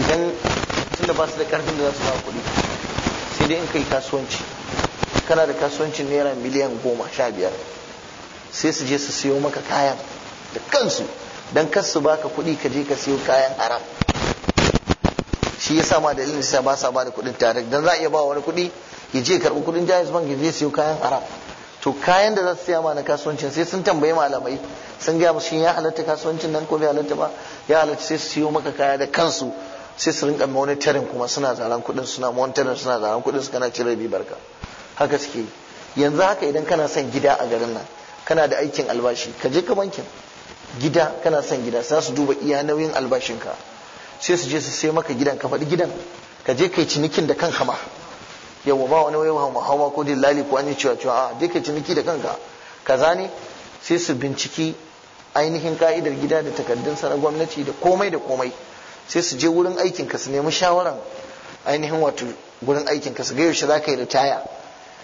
idan sun da ba su da karfin da za su ba kuɗi sai dai in kai kasuwanci kana da kasuwancin naira miliyan goma sha biyar sai su je su siyo maka kayan da kansu don kar su baka kuɗi ka je ka siyo kayan haram shi ya sa ma dalilin sa ba sa ba da kuɗin tare dan za a iya ba wani kuɗi ya je karɓi kuɗin jayis bank ya je siyo kayan haram to kayan da za su siya ma na kasuwancin sai sun tambayi malamai sun gaya musu ya halatta kasuwancin nan ko bai halatta ba ya halatta sai su siyo maka kaya da kansu sai su rinka monitoring kuma suna zaran kuɗin suna monitoring suna zaran kuɗin su kana cire ribar barka. haka suke yanzu haka idan kana son gida a garin nan kana da aikin albashi ka je ka bankin gida kana son gida sai su duba iya nauyin albashinka sai su je su sai maka gidan ka faɗi gidan ka je kai cinikin da kanka ma yawa ba wani wayewa ma hawa ko dillali ko an yi cewa cewa a je kai ciniki da kanka kaza ne sai su binciki ainihin ka'idar gida da takardun na gwamnati da komai da komai sai su je wurin aikin ka su nemi shawaran ainihin wato wurin aikin ka su ga yaushe za ka yi ritaya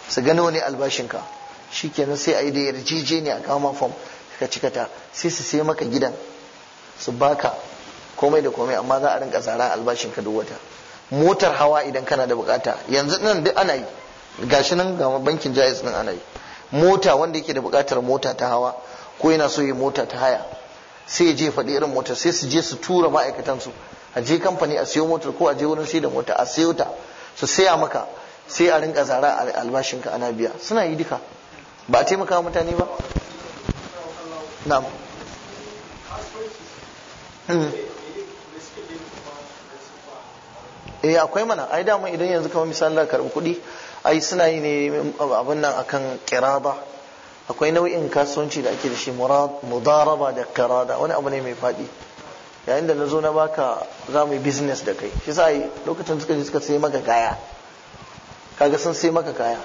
su gano ne albashinka kenan sai a yi da yarjejeniya a kama fom ka cika ta sai su sai maka gidan su baka komai da komai amma za a rinka tsara albashin ka duk wata motar hawa idan kana da bukata yanzu nan duk ana yi gashi nan ga bankin jaiz nan ana yi mota wanda yake da bukatar mota ta hawa ko yana so ya mota ta haya sai ya je faɗi irin motar sai su je su tura ma'aikatan su a je kamfani a siyo motar ko a je wurin sai da mota a siyo ta su saya maka sai a rinka zara albashinka ana biya suna yi duka ba a taimaka mutane ba na'am hmm. eh akwai mana ai dama idan yanzu kamar misali da karɓi kuɗi ai suna yi ne mm, abin nan akan kiraba akwai nau'in kasuwanci da ake da shi mudaraba da kirada wani abu ne mai faɗi yayin da nazo na baka za mu yi business da kai shi sa lokacin suka je suka sai maka kaya kaga sun sai maka kaya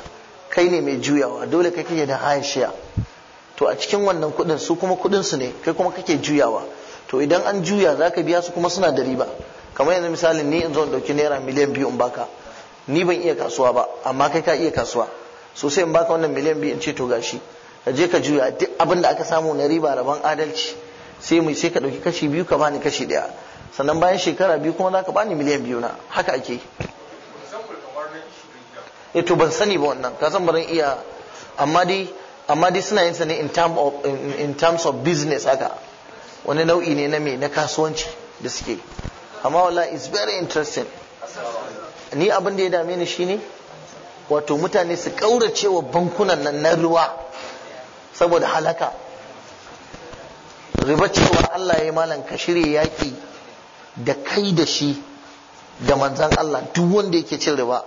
kai ne mai juyawa dole kai kake da hayan shiya to a cikin wannan kuɗin su kuma kuɗin su ne kai kuma kake juyawa to idan an juya za ka biya su kuma suna da riba kamar yanzu misali ni in zo in ɗauki naira miliyan biyu in baka ni ban iya kasuwa ba amma kai ka iya kasuwa so sai in baka wannan miliyan biyu in ce to gashi ka je ka juya duk abin da aka samu na riba rabon adalci sai mu sai ka dauki kashi biyu ka bani kashi daya sannan bayan shekara biyu kuma za ka bani miliyan biyu na haka ake e to ban sani ba wannan ka san iya amma dai amma dai suna yin sa ne in, terms of business haka wani nau'i ne na me na kasuwanci da suke amma wala is very interesting ni abin da ya dame ni shine wato mutane su kaurace wa bankunan nan na ruwa saboda halaka riba cewa Allah ya malam ka shirya yaki da kai da shi da manzan Allah duk wanda yake cin riba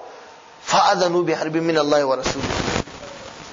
fa'azanu bi harbin min Allah wa rasulihi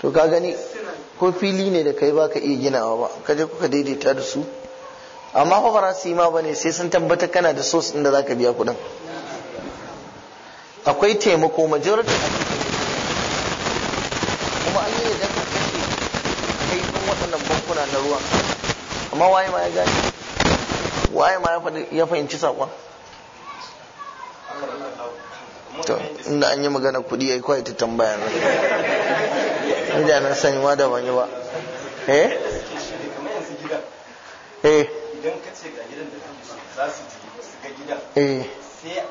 to ka gani ko fili ne da kai baka iya ginawa ba kaje kuka daidaita da su amma kuma ba su yi ma bane sai sun tabbatar kana da sos din da zaka biya kuɗin akwai taimako majority kuma an yi da kashe kai kun waɗannan bankuna na ruwa amma waye ma ya gani waye ma ya fahimci saƙon to inda an yi magana kuɗi ya yi kawai ta tambaya na inda na sani ma da wani ba eh eh idan ka ce ga gidan da za su su ga gidan eh sai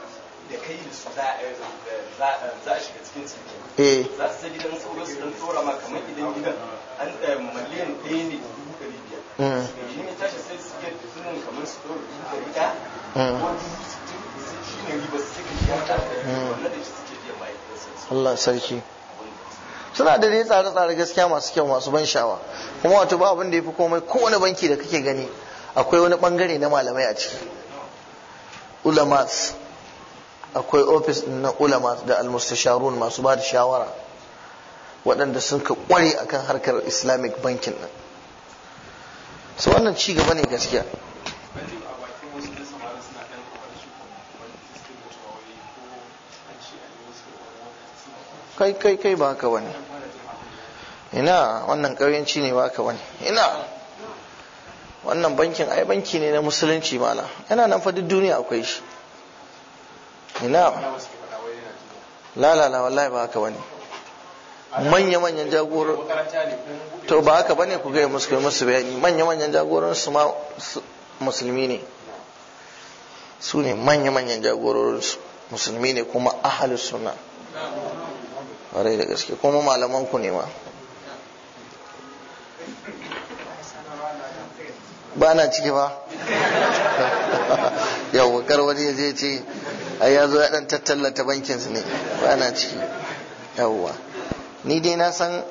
da kai da su za a shiga cikin ciki eh. za su sai gidan sauran su dan tsora ma kamar idan gidan an eh, miliyan ɗaya ne dubu ɗari biyar shi mm. ne tashi sai su ga sunan kamar su ɗora dubu ɗari ɗaya mm. ko dubu Allah sarki suna da dai tsare-tsare gaskiya masu kyau masu ban sha'awa kuma wato ba abin da fi komai kowane banki da kake gani akwai wani bangare na malamai a ciki ulamas akwai ofis na ulama da almustasharun masu ba da shawara waɗanda sun ka kware akan harkar islamic bankin nan su wannan ci gaba ne gaskiya kai kai kai ba haka wani ina wannan ƙauyenci ne ba haka wani ina wannan bankin ai banki ne na musulunci mana yana nan fa duk duniya akwai shi ina lalala wallahi ba haka wani manya-manyan jagoran to ba haka bane ku gaya musu musu bayani manya-manyan jagoran su ma musulmi ne su ne manya-manyan jagororin musulmi ne kuma ahalus sunna ƙwarai da gaske kuma malaman ku ne ma ba na ciki ba yau kar wani zai ce a ya zo ya dan ta bankin su ne ba na ciki yauwa ni dai na san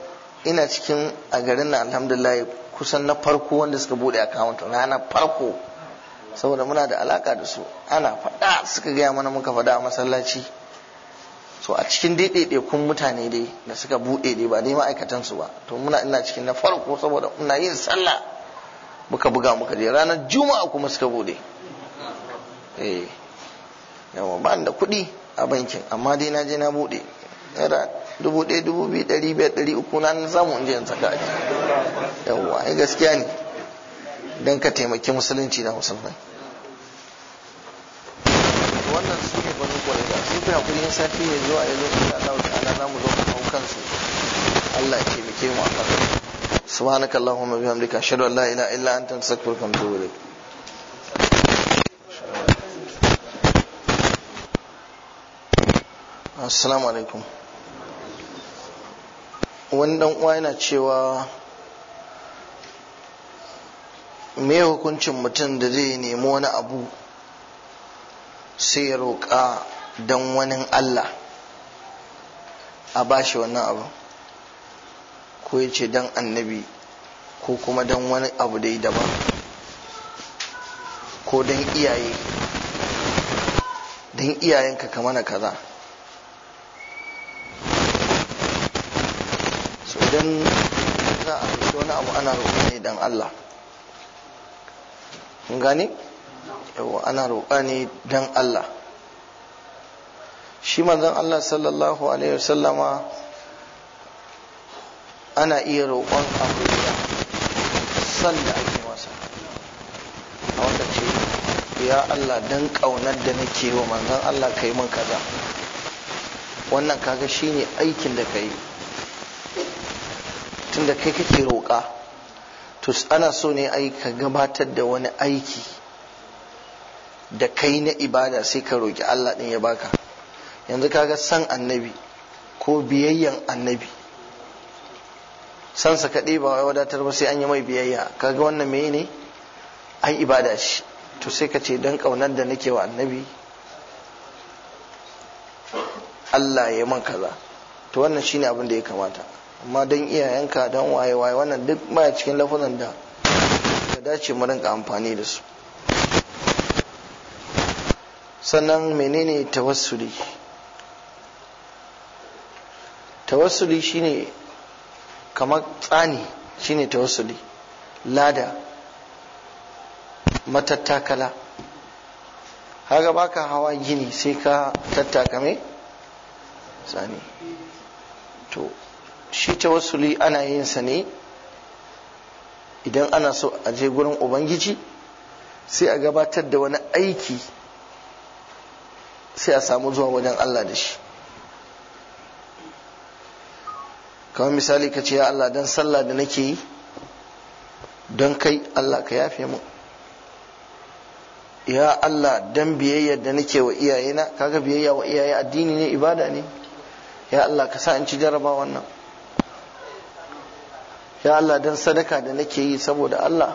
ina cikin a garin na alhamdulillah kusan na farko wanda suka bude account na na farko saboda muna da alaka da su ana faɗa suka gaya mana muka faɗa a masallaci so a cikin kun mutane dai da suka buɗe dai ba dai ma'aikatan su ba to muna ina cikin na farko saboda muna yin sallah muka buga muka je ranar juma'a kuma suka buɗe eh yawa ba da kuɗi a bankin amma dai na je na buɗe naira dubu ɗaya dubu biyu ɗari biyar ɗari uku na samu in je in saka aji yawa ai gaskiya ne don ka taimaki musulunci na musulmai sai hakuri safi ne zuwa ya zo insha Allah ta'ala za mu zo ka hau kansu Allah ya taimake mu a subhanaka allahumma bihamdika ashhadu an la ilaha illa anta astaghfiruka wa atubu ilayk assalamu alaikum wani dan uwa yana cewa me hukuncin mutum da zai nemi wani abu sai ya roƙa don wani Allah a ba shi wannan abu ko ya ce don annabi ko kuma don wani abu dai daban ko don iyaye don iyayenka ka mana kaza so don za a fi wani abu ana roƙa ne don Allah gani? Yau ana roƙa ne don Allah shi manzon Allah sallallahu alaihi wasallama ana iya roƙon abu sanda ake masa a wanda ce ya Allah dan ƙaunar da nake wa manzon Allah ka yi min kaza wannan kaga shi ne aikin da ka yi tun da kai kake roƙa to ana so ne ai ka gabatar da wani aiki da kai na ibada sai ka roƙi Allah ɗin ya baka yanzu kaga san annabi ko biyayyan annabi san sa kaɗai ba wai wadatar ba sai an yi mai biyayya kaga wannan meye ne an ibada shi to sai ka ce don ƙaunar da nake wa annabi Allah ya man kaza to wannan shine abin da ya kamata amma don iyayenka don waye waye wannan duk baya cikin lafazan da ya dace mu rinka amfani da su sannan menene tawassuli tawassuli shine kamar tsani shine tawassuli lada matattakala haga baka hawa gini sai ka tattaka mai tsani to shi tawassuli ana yin sa ne idan ana so a je gurin ubangiji sai a gabatar da wani aiki sai a samu zuwa wajen Allah da shi kamar misali ka ce ya Allah don sallah da nake yi don kai Allah ka yafe mu ya Allah don biyayya da nake wa iyayena kaga biyayya wa iyaye addini ne ibada ne ya Allah ka sa in ci jaraba wannan ya Allah don sadaka da nake yi saboda Allah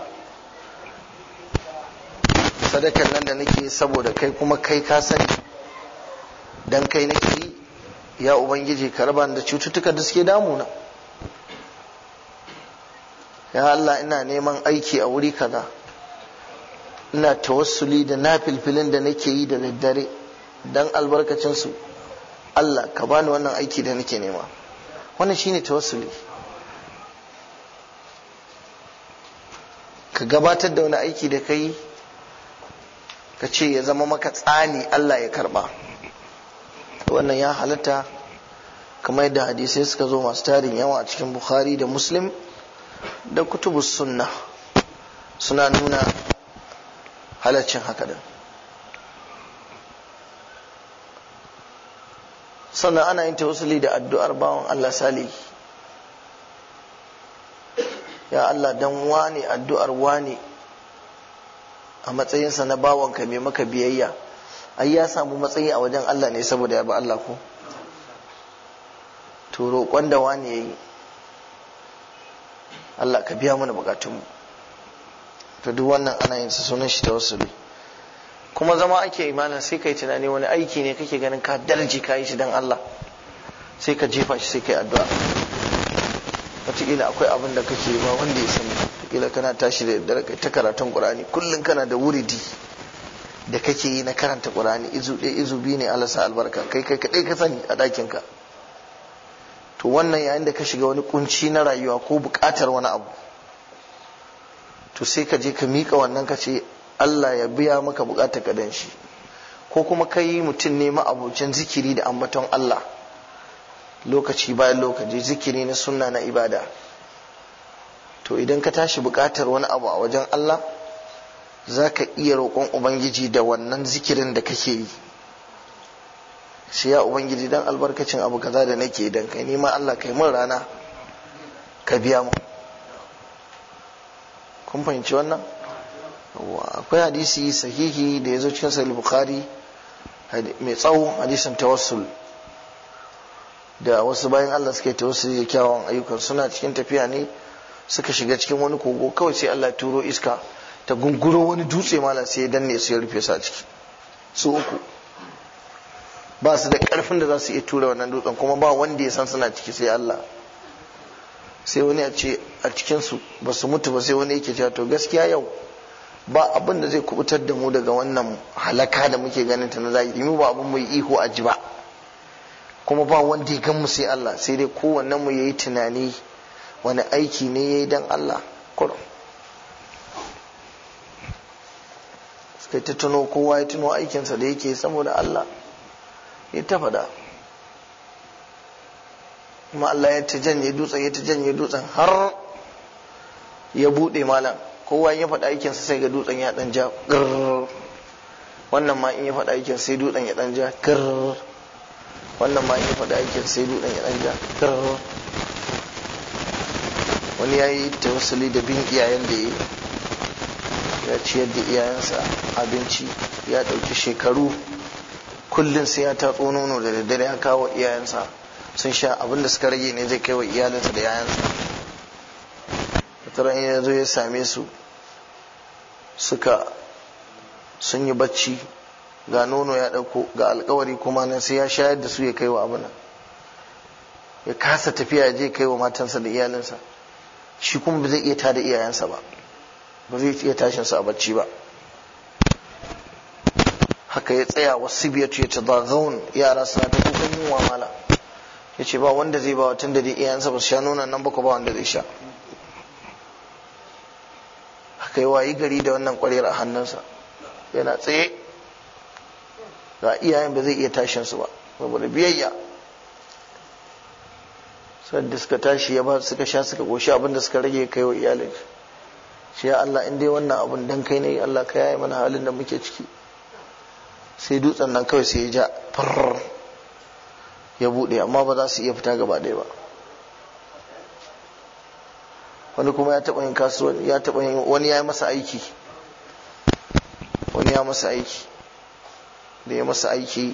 sadakar nan da nake yi saboda kai kuma kai ka sani don kai nake yi ya ubangiji ka raba da cututtuka da suke damuna ya Allah ina neman aiki a wuri kaza ina tawassuli da na filfilin da nake yi da daddare don albarkacinsu Allah ka bani wannan aiki da nake nema wannan shine tawassuli ka gabatar da wani aiki da kai ka ce ya zama maka tsani Allah ya karba wannan ya halatta kamar yadda hadisai suka zo masu tarin yawa a cikin bukhari da muslim da kutubu sunna suna nuna halaccin haka sannan ana yin tawassuli da addu'ar bawan Allah salihi ya Allah dan wane addu'ar wane a matsayinsa na ka mai maka biyayya ai ya samu matsayi a wajen Allah ne saboda ya bi Allah ko to roƙon da wani yayi Allah ka biya mana bukatunmu to duk wannan ana yin sa sunan shi tawassuli kuma zama ake imanin sai kai tunani wani aiki ne kake ganin ka darji ka yi shi dan Allah sai ka jefa shi sai kai addu'a wataƙila akwai abin da kake ba wanda ya sani wataƙila kana tashi da daddare kai ta karatun ƙur'ani kullum kana da wuridi da kake yi na karanta ƙur'ani. izu ɗaya izu biyu ne Allah albarka kai kai kaɗai ka sani a ɗakin ka to wannan yayin da ka shiga wani kunci na rayuwa ko buƙatar wani abu to sai ka je ka miƙa wannan ka ce Allah ya biya maka buƙatar ka dan shi ko kuma ka yi mutum ne ma'abocin zikiri da ambaton Allah lokaci bayan lokaci zikiri na sunna na ibada to idan ka tashi buƙatar wani abu a wajen Allah za ka iya roƙon ubangiji da wannan zikirin da kake yi shi ya ubangiji don albarkacin abu kaza da nake don kai nima allah kai min rana ka biya mu kun fahimci wannan akwai hadisi sahihi da ya zo cikin sahih bukhari mai tsawo hadisin tawassul da wasu bayan Allah suka yi tawassuli da kyawun ayyukan suna cikin tafiya ne suka shiga cikin wani kogo kawai sai Allah turo iska ta gunguro wani dutse mala sai ya danne su ya rufe su a ciki su uku ba su da karfin da za su iya tura wannan dutsen kuma ba wanda ya san suna ciki sai Allah sai wani ya ce a cikinsu ba su mutu ba sai wani yake cewa to gaskiya yau ba abin da zai kubutar da mu daga wannan halaka da muke ganin ta na zahiri mu ba abin mu ihu a ji ba kuma ba wanda ya gan mu sai Allah sai dai kowannen mu yayi tunani wani aiki ne yayi dan Allah kurum suka ta tuno kowa ya tuno aikinsa da yake saboda Allah ya ta faɗa kuma Allah ya ta janye dutsen ya ta janye dutsen har ya buɗe malam kowa ya faɗa aikinsa sai ga dutsen ya ɗan ja wannan ma in ya faɗa aikin sai dutsen ya ɗan ja wannan ma in ya faɗa aikin sai dutsen ya ɗan ja wani ya yi tawassuli da bin iyayen da ya yi ya ciyar da iyayensa abinci ya ɗauki shekaru kullum sai ya tatso nono da daddare ya kawo iyayensa sun sha abin da suka rage ne zai kai wa iyalinsa da yayansa wataran ya zo ya same su suka sun yi bacci ga nono ya ɗauko ga alkawari kuma nan sai ya shayar da su ya kai wa abin ya kasa tafiya ya je kai wa matansa da iyalinsa shi kuma ba zai iya tada iyayensa ba ba zai iya tashin sa a bacci ba haka ya tsaya wasu biyar ya ce zaun yara suna ta kukan wa mala ya ce ba wanda zai ba wa tun da dai iyayensa ba su sha nonon nan ba ba wanda zai sha haka yi wayi gari da wannan kwaryar a hannunsa yana tsaye ga iyayen ba zai iya tashin su ba saboda biyayya sadda suka tashi ya ba suka sha suka goshi abinda suka rage kai wa iyalin shi ya Allah in dai wannan abun dan kai ne Allah ka yaye mana halin da muke ciki sai dutsen nan kawai sai ya ja far ya bude amma ba za su iya fita gaba ɗaya ba wani kuma ya taɓa yin kasuwan ya taɓa yin wani ya yi masa aiki wani ya masa aiki da ya masa aiki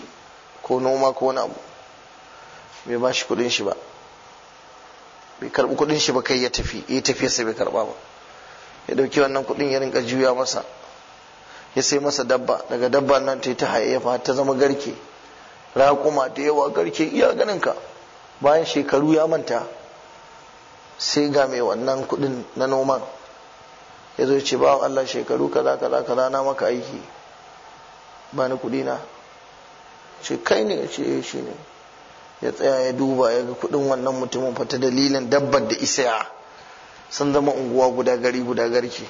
ko noma ko wani abu bai ba shi kuɗin shi ba bai karɓi kuɗin shi ba kai ya tafi ya tafi sai bai karɓa ba ya ɗauki wannan kuɗin ya rinka juya masa ya sai masa dabba daga dabba nan ta yi ta hayayyafa ta zama garke raƙuma da yawa garke iya ganin ka bayan shekaru ya manta sai ga mai wannan kuɗin na noman ya zo ce wa Allah shekaru kaza kaza kaza na maka aiki ba ni kudi na ce kai ne ya ce eh, shi ne ya tsaya ya duba ya ga kuɗin wannan mutumin fata dalilin dabbar da isa sun zama unguwa guda gari guda garke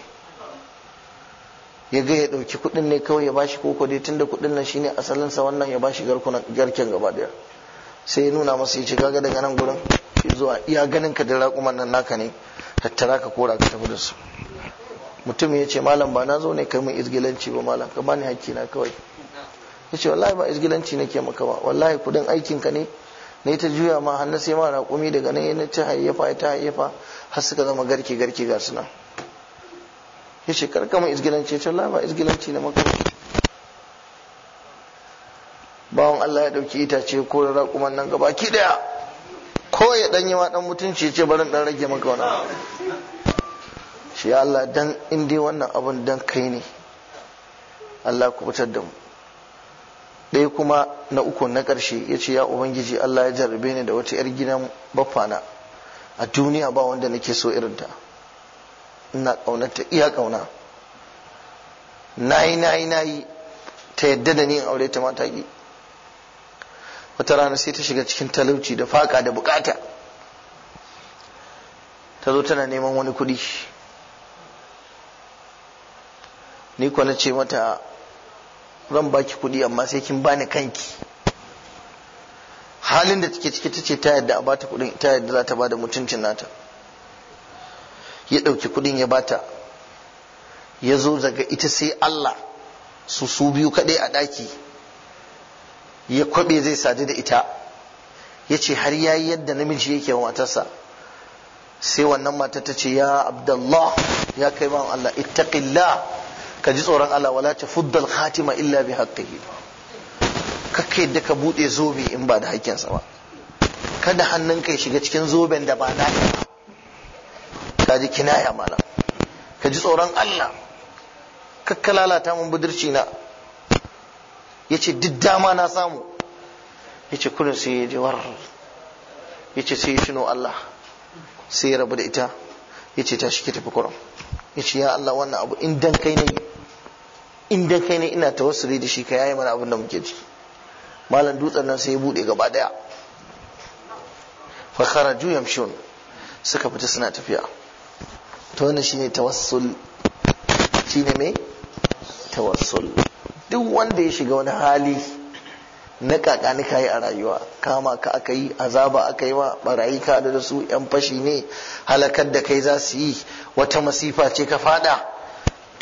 ya ga ya dauki kuɗin ne kawai ya bashi koko dai tunda kuɗin nan shine asalinsa wannan ya bashi garken gaba daya sai ya nuna masa ya ce kaga daga nan gurin zuwa iya ganin ka da raƙuman nan naka ne tattara ka kora ka tafi da su mutum ya ce malam ba na zo ne kai mun izgilanci ba malam ka bani hakki na kawai ya ce wallahi ba izgilanci nake maka ba wallahi kudin aikin ka ne na ta juya ma hannu sai ma raƙumi daga nan yana ci hayyafa ta hayyafa har suka zama garke garke ga suna ya ce karka mu izgilanci ta lafa izgilanci na maka bawan Allah ya ɗauki itace ko da raƙuman nan gaba ki daya ko ya yi ma ɗan mutunci ce barin ɗan rage maka wani shi Allah dan inda wannan abun dan kai ne Allah ku fitar da mu ɗaya kuma na uku na ƙarshe ya ce ya ubangiji Allah ya jarrabe ni da wata 'yar gidan baffana a duniya ba wanda nake so irinta ina ƙaunarta iya ƙauna nayi nayi nayi ta yadda da ni in aure ta mata ki wata rana sai ta shiga cikin talauci da faka da bukata ta zo tana neman wani kuɗi ni kwana ce mata zan baki kuɗi amma sai kin bani kanki halin da take ciki tace ta yadda a bata kuɗin ta yadda za ta ba da mutuncin nata ya ɗauki kuɗin ya bata ya zo daga ita sai Allah su su biyu kaɗai a ɗaki ya kwaɓe zai sadu da ita ya ce har ya yi yadda namiji yake wa matarsa sai wannan mata ta ce ya Abdullah, ya kai man Allah ittaqillah ka ji tsoron Allah wala fuddal khatima illa bi haqqihi kakka yadda ka bude zobe in ba da sa ba kada hannun kai shiga cikin zoben da ba na ba ka ji kinaya malam ka ji tsoron Allah kakka lalata mun budurci na yace duk dama na samu yace kullun sai ya ji war yace sai ya tuno Allah sai ya rabu da ita yace ta shike tafi kurum yace ya Allah wannan abu in dan kai ne in da kai ne ina tawassuli da shi ka yayi mana abin da muke ji malam dutsen nan sai ya bude gaba daya fa kharaju yamshun suka fita suna tafiya to wannan shine tawassul shine me tawassul duk wanda ya shiga wani hali na kakani kayi a rayuwa kama ka aka yi azaba aka yi wa barayi ka da su yan fashi ne halakar da kai za su yi wata masifa ce ka fada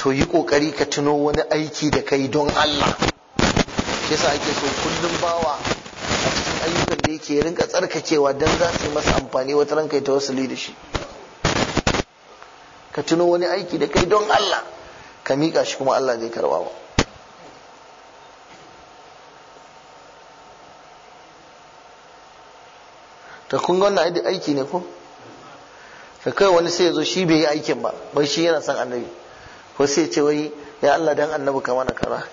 to yi kokari ka tuno wani aiki da kai don Allah shi yasa ake so kullum bawa a cikin ayyukan da yake rinka tsarkakewa don za su yi masa amfani wata ranka ta wasuli da shi ka tuno wani aiki da kai don Allah ka miƙa shi kuma Allah zai karɓa ba ta kun wannan aiki ne ko ka kai wani sai ya zo shi bai yi aikin ba bai shi yana son annabi wasu ya ce wai ya Allah dan annabi ka mana kaza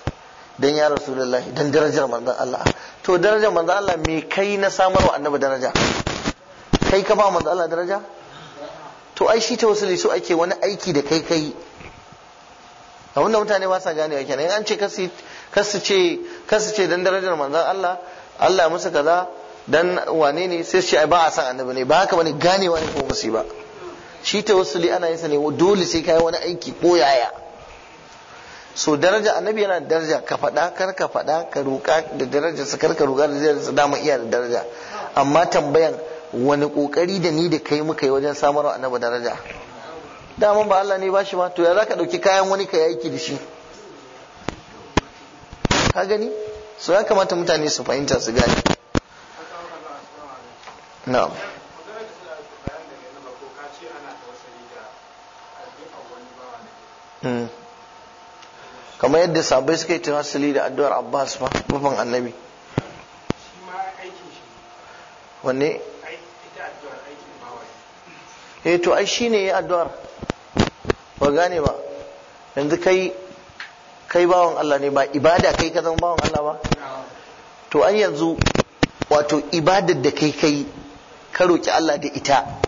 dan ya rasulullah dan darajar manzon Allah to darajar manzon Allah me kai na samar wa annabi daraja kai ka ba manzon Allah daraja to ai shi ta tawassuli so ake wani aiki da kai kai a wannan mutane ba sa ganewa kenan in an ce kasu ce kasu ce dan darajar manzon Allah Allah ya musu kaza dan wane ne sai ce ai ba a san annabi ne ba haka bane ganewa ne ko musiba ba shi tawassuli ana yin sa ne dole sai kai wani aiki ko yaya so daraja annabi yana daraja ka faɗa kar ka faɗa ka roƙa da daraja sa kar ka roƙa da zai su dama iya da daraja amma tambayan wani kokari da ni da kai muka yi wajen samar wa annabi daraja dama ba Allah ne ba shi ba to ya zaka dauki kayan wani ka yaki da shi ka gani so ya kamata mutane su fahimta su gane Hmm. kamar yadda sabai suka yi tawassuli da addu'ar Abbas ma mafan annabi wanne eh to ai shine ya addu'ar ba gane ba yanzu kai kai bawan Allah ne ba ibada kai ka zama bawan Allah ba to an yanzu wato ibadar da kai kai ka roki Allah da ita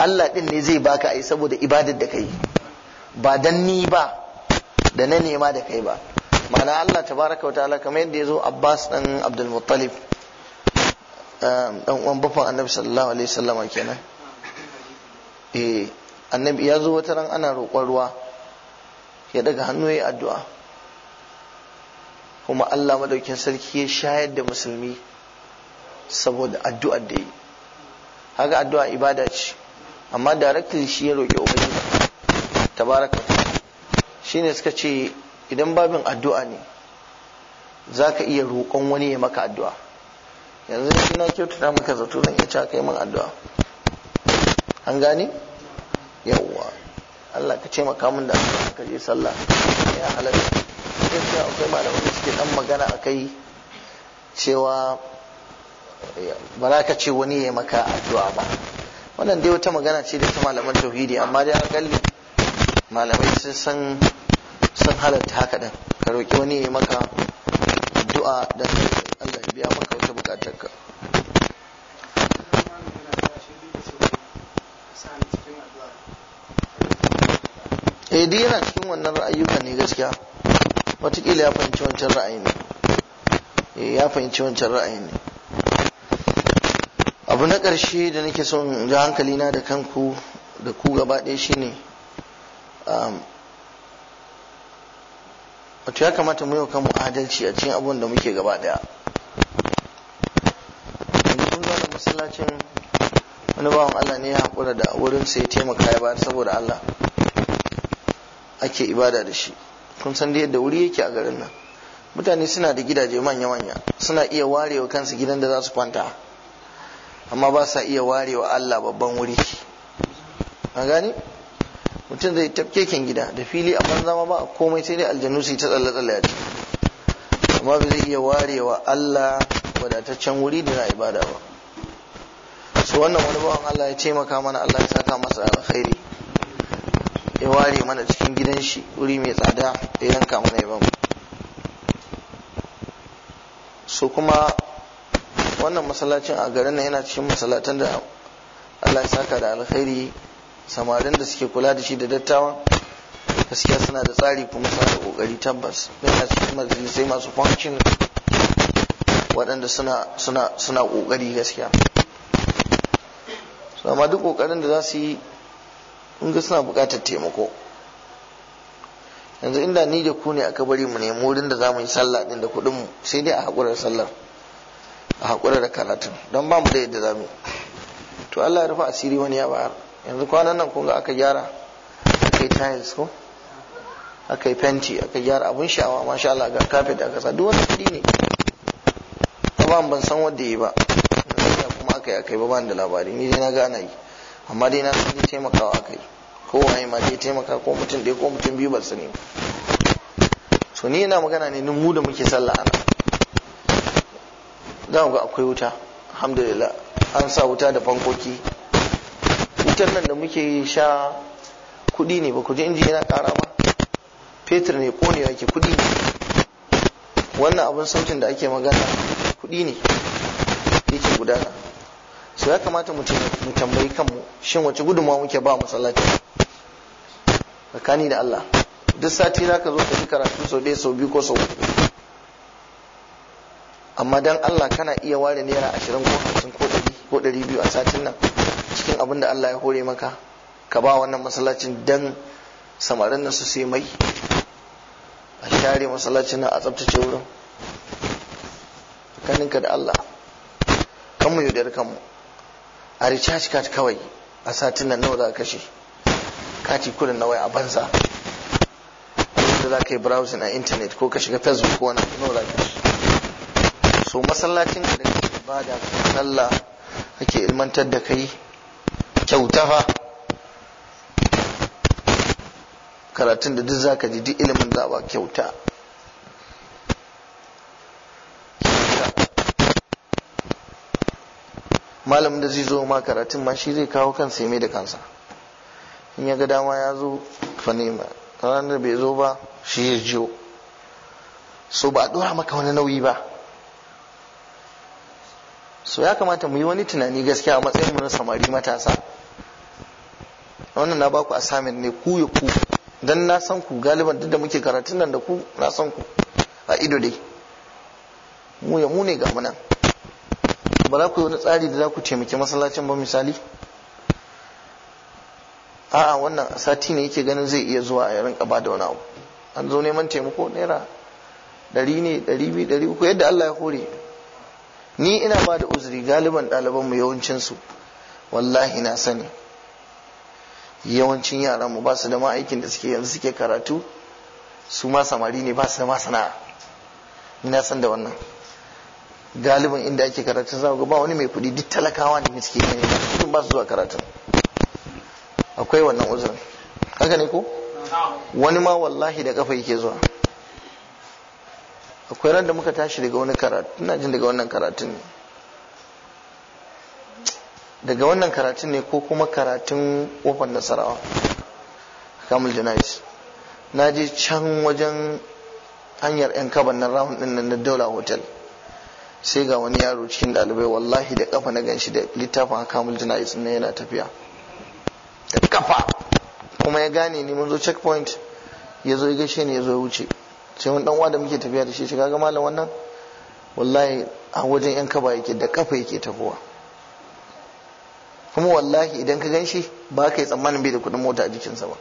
Allah din ne zai baka ai saboda ibadar da kai ba dan ni ba da na nema da kai ba ma'ana Allah tabaraka wa ta'ala kamar yadda ya zo Abbas dan Abdul Muttalib dan um, uwan bafan Annabi sallallahu alaihi wasallama kenan eh Annabi ya zo wata ran ana roƙon ruwa ya daga hannu ya addu'a kuma Allah madaukin sarki ya shayar da musulmi saboda addu'ar da yi haka addu'a ibada ce amma directly shi ya roƙi ubangiji tabaraka shine suka ce idan babin addu'a ne za ka iya roƙon wani ya maka addu'a yanzu shi na kyautata maka zato zan iya cakai kai min addu'a an gane yawwa Allah ka ce maka min da addu'a ka je sallah ya halatta sai akwai malaman da suke dan magana akai cewa eh, ba za ka ce wani ya maka addu'a ba wannan dai wata magana ce da ta malaman tauhidi amma dai a malamai sun san sun halatta haka ɗin ka roki wani ya maka du'a don Allah ya biya maka wata buƙatarka eh duk yana cikin wannan ra'ayyuka ne gaskiya watakila ya fahimci wancan ra'ayi ne eh, ya fahimci wancan ra'ayi ne abu na ƙarshe da nake son ga hankalina da kanku da ku gaba ɗaya shine Um, wato ya kamata mu yi kanmu adalci a cikin abun da muke gaba daya mun zo da masallacin wani bawan Allah ne ya haƙura da wurin sai taimaka ya bayar saboda Allah ake ibada da shi kun san da yadda wuri yake a garin nan mutane suna da gidaje manya-manya suna iya warewa kansu gidan da za su kwanta amma ba sa iya warewa Allah babban wuri a gani mutum zai tafkeken gida da fili a banza zama ba komai sai dai aljanu su ta tsalle tsalle a ciki amma ba zai iya warewa Allah wadataccen wuri da na ibada ba su wannan wani bawan Allah ya taimaka mana Allah ya saka masa alkhairi ya ware mana cikin gidan shi wuri mai tsada ya yanka mana ya bamu su kuma wannan masallacin a garin nan yana cikin masallatan da Allah ya saka da alkhairi samarin da suke kula da shi da dattawan gaskiya suna da tsari kuma suna da kokari tabbas yana cikin sai masu function waɗanda suna suna suna kokari gaskiya su amma duk kokarin da za su yi in ga suna buƙatar taimako yanzu inda ni da ku ne aka bari mu nemi wurin da za mu yi sallah din da kuɗin mu sai dai a haƙura da sallar a da karatun don ba mu da yadda za mu to Allah ya rufa asiri wani ya bayar yanzu kwanan nan kun ga aka gyara aka yi tiles ko aka yi fenti aka gyara abun sha'awa masha Allah ga kafet aka sa duk wani kudi ne amma ban san wanda yi ba kuma aka yi aka yi ba ban da labari ni dai na ga ana yi amma dai na san dai taimakawa aka yi waye ma dai taimaka ko mutum ɗaya ko mutum biyu ba su ne so ni yana magana ne mu da muke sallah ana za ga akwai wuta alhamdulillah an sa wuta da fankoki wutar nan da muke sha kudi ne ba ku ji inji yana kara ba fetur ne ne ke kudi ne wannan abin sautin da ake magana kudi ne yake gudana so ya kamata mu tambayi kanmu shin wace gudunmawa muke ba masallaci tsakani da Allah duk sati za ka zo ka fi karatu sau ɗaya sau biyu ko sau amma dan Allah kana iya ware naira ashirin ko hamsin ko ko ɗari biyu a satin nan cikin abin da Allah ya hore maka ka ba wannan masallacin dan samarin nan su sai mai a share masallacin nan a tsabtace wurin kaninka da Allah kan mu yaudar kanmu a recharge card kawai a satin nan nawa za ka kashe kati kudin na waya a banza da za ka yi browsing a internet ko ka shiga facebook ko wani nawa za ka kashe so masallacin da ba da sallah ake ilmantar da kai kyauta fa karatun da duk zaka ji duk ilimin za ba kyauta malamin da zai zo ma karatun ma shi zai kawo kansa ya mai da kansa in ya ga dama ya zo fa nema ranar bai zo ba shi ya jiyo so ba a ɗora maka wani nauyi ba so ya kamata mu yi wani tunani gaskiya a matsayin mu na samari matasa wannan na baku assignment ne ku ya ku dan na san ku galiban duk da muke karatun nan da ku na san ku a ido dai mu ya mu ne ga munan ba za ku yi wani tsari da za ku taimaki masallacin ba misali a'a wannan sati ne yake ganin zai iya zuwa a rinka ba da wani abu an zo neman taimako naira ɗari ne ɗari biyu ɗari uku yadda Allah ya hore ni ina ba da uzuri galiban ɗaliban mu wallahi na sani yawancin yaran mu ba su da ma'aikin da suke yanzu suke karatu su ma samari ne ba su da ma sana'a na san da wannan Galiban inda ake karatun za ga ba wani mai kuɗi duk talakawa ne suke gani ba ba su zuwa karatun akwai wannan uzurin haka ne ko wani ma wallahi da kafa yake zuwa akwai ran da muka tashi daga wani karatu ina jin daga wannan karatun ne daga wannan karatun ne ko kuma karatun kofar nasarawa kamul janais na je can wajen hanyar yan kaban na rahun din na daula hotel sai ga wani yaro cikin ɗalibai wallahi da kafa na ganshi da littafin kamul janais na yana tafiya da kafa kuma ya gane ni mun zo checkpoint ya zo ya gaishe ni ya zo ya wuce sai wani dan da muke tafiya da shi shiga ga malam wannan wallahi a wajen yan kaba yake da kafa yake tafowa kuma wallahi idan ka gan shi ba ka yi tsammanin bai da kudin mota a jikinsa ba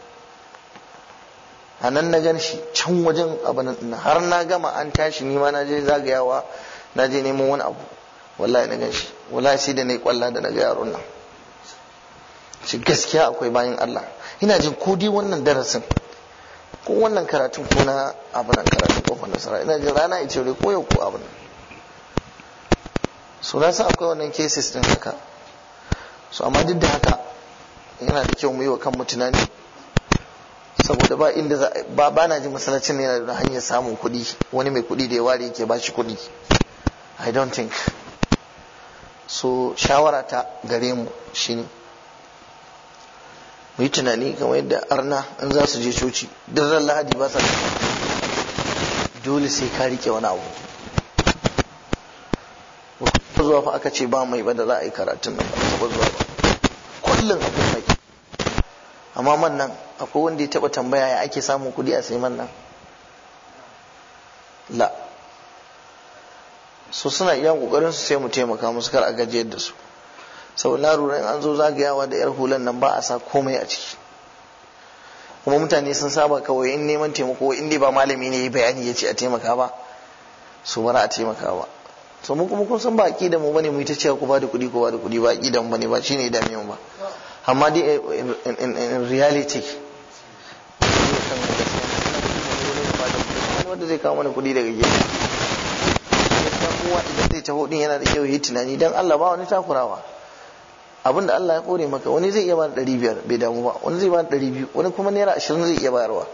a nan na gan shi can wajen abin har na gama an tashi nima na je zagayawa na je neman wani abu wallahi na gan shi wallahi sai da na yi kwalla da na ga yaron nan shi gaskiya akwai bayan Allah ina jin ko dai wannan darasin ko wannan karatun ko na abin nan karatun kofar nasara ina jin rana ya ce ko yau ko abin su na sa akwai wannan cases din haka Su amma duk da haka yana da kyau mu yi wa kanmu tunani saboda ba inda ba ba na ji masana'cin yana da hanyar samun kuɗi wani mai kuɗi da ya ware yake ba shi kuɗi i don't think so shawara ta gare mu shine Muyi tunani kamar yadda arna in za su je coci don ran lahadi ba sa dole sai ka rike wani abu ba zuwa fa aka ce ba mai ba da za a yi karatun nan ba zuwa ba kullum akwai mai amma man nan akwai wanda ya taba tambaya ya ake samun kuɗi a sai man nan la so suna iya kokarin su sai mu taimaka musu kar a gajiyar da su sau na lura an zo zagayawa da yar hulan nan ba a sa komai a ciki kuma mutane sun saba kawai in neman taimako in dai ba malami ne bayani ya ce a taimaka ba su bara a taimaka ba so mu kuma kun san ba da mu bane mu ta cewa ku ba da kuɗi ku ba da kuɗi ba da mu bane ba shine da mu ba amma dai in reality wanda zai kawo mana kuɗi daga gida kowa idan zai taho din yana da kyau yi tunani don Allah ba wani takurawa abin da Allah ya kore maka wani zai iya bada ɗari bai damu ba wani zai bada ɗari wani kuma naira ashirin zai iya bayarwa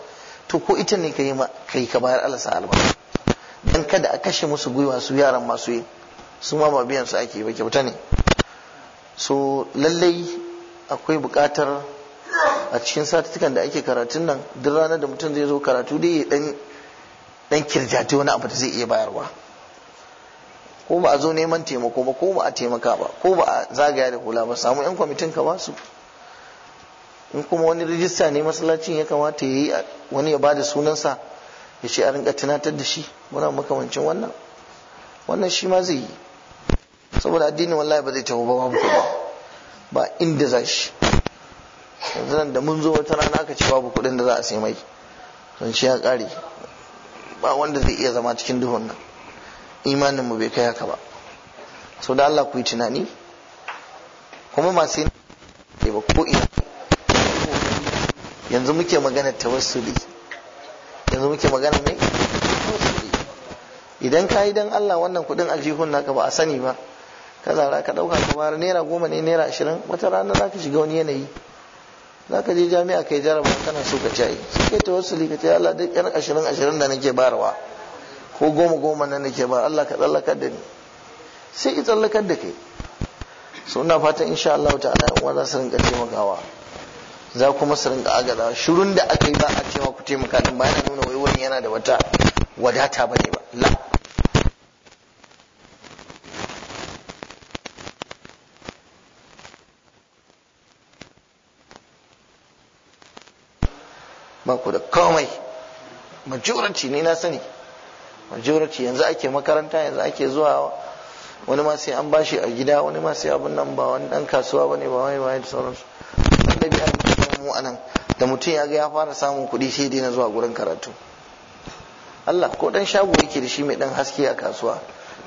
to ko ita ne kai ma kai ka bayar Allah sa albarka dan kada a kashe musu gwiwa su yaran masu yi su ma ba biyan su ake ba kyauta ne so lallai akwai buƙatar a cikin satutukan da ake karatun nan duk ranar da mutum zai zo karatu dai ya dan kirjati wani abu da zai iya bayarwa ko ba a zo neman taimako ba ko ba a taimaka ba ko ba a zagaya da hula ba samu yan kwamitin ka basu in kuma wani rijista ne masallacin ya kamata ya yi wani ya ba da sunansa ya ce a rinka tunatar da shi muna makamancin wannan wannan shi ma zai yi saboda addinin wallahi ba zai tafi ba babu kuɗi ba inda za shi yanzu nan da mun zo wata rana aka ce babu kuɗin da za a sai mai sun shi ya ƙare ba wanda zai iya zama cikin duhun nan imanin mu bai kai haka ba so da Allah ku yi tunani kuma masu yin ba ko ina yanzu muke magana tawassuli yanzu muke magana mai idan ka yi don Allah wannan kudin aljihun naka ba a sani ba ka zara ka dauka kamar naira goma ne naira ashirin wata rana za ka shiga wani yanayi za ka je jami'a kai jaraba kana so ka ci sai kai tawassuli ka ce Allah duk yan ashirin ashirin da nake barawa ko goma goma na nake ke ba Allah ka tsallakar da ni sai ki tsallakar da kai so ina fatan insha Allah ta'ala yan uwa za su rinka taimakawa za kuma su rinka agada shirun da aka yi ba a cewa ku taimaka din ba yana nuna wai yana da wata wadata ba la ba ku da komai majority ne na sani majority yanzu ake makaranta yanzu ake zuwa wani ma sai an bashi a gida wani ma sai abun nan ba wani dan kasuwa bane ba wai wai da sauransu wanda bi an mu anan da mutum ya ga ya fara samun kuɗi sai dai na zuwa gurin karatu Allah ko dan shago yake da shi mai dan haske a kasuwa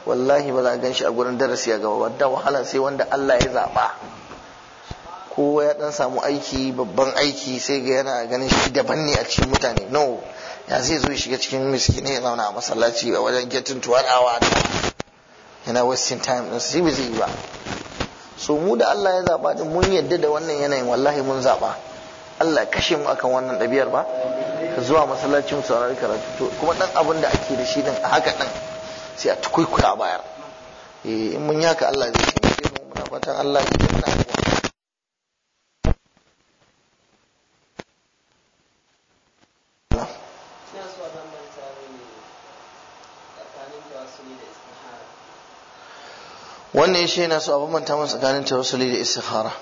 wallahi ba za a gan a gurin darasi a gaba da wahala sai wanda Allah ya zaɓa kowa ya dan samu aiki babban aiki sai ga yana ganin shi daban ne a cikin mutane no ya zai zo shiga cikin miskini ya zauna a masallaci a wajen getting to one hour yana wasting time din sai bai yi ba so mu da Allah ya zaba din mun yadda da wannan yanayin wallahi mun zaba Allah kashe mu akan wannan ɗabi'ar ba ka zuwa masallacin saurari karatu to kuma dan abin da ake da shi din a haka din sai a tukuikuya a bayar eh in mun yaka Allah zai mu fatan Allah ya wannan shi yana so a bambanta mun tsakanin tawassuli da istikhara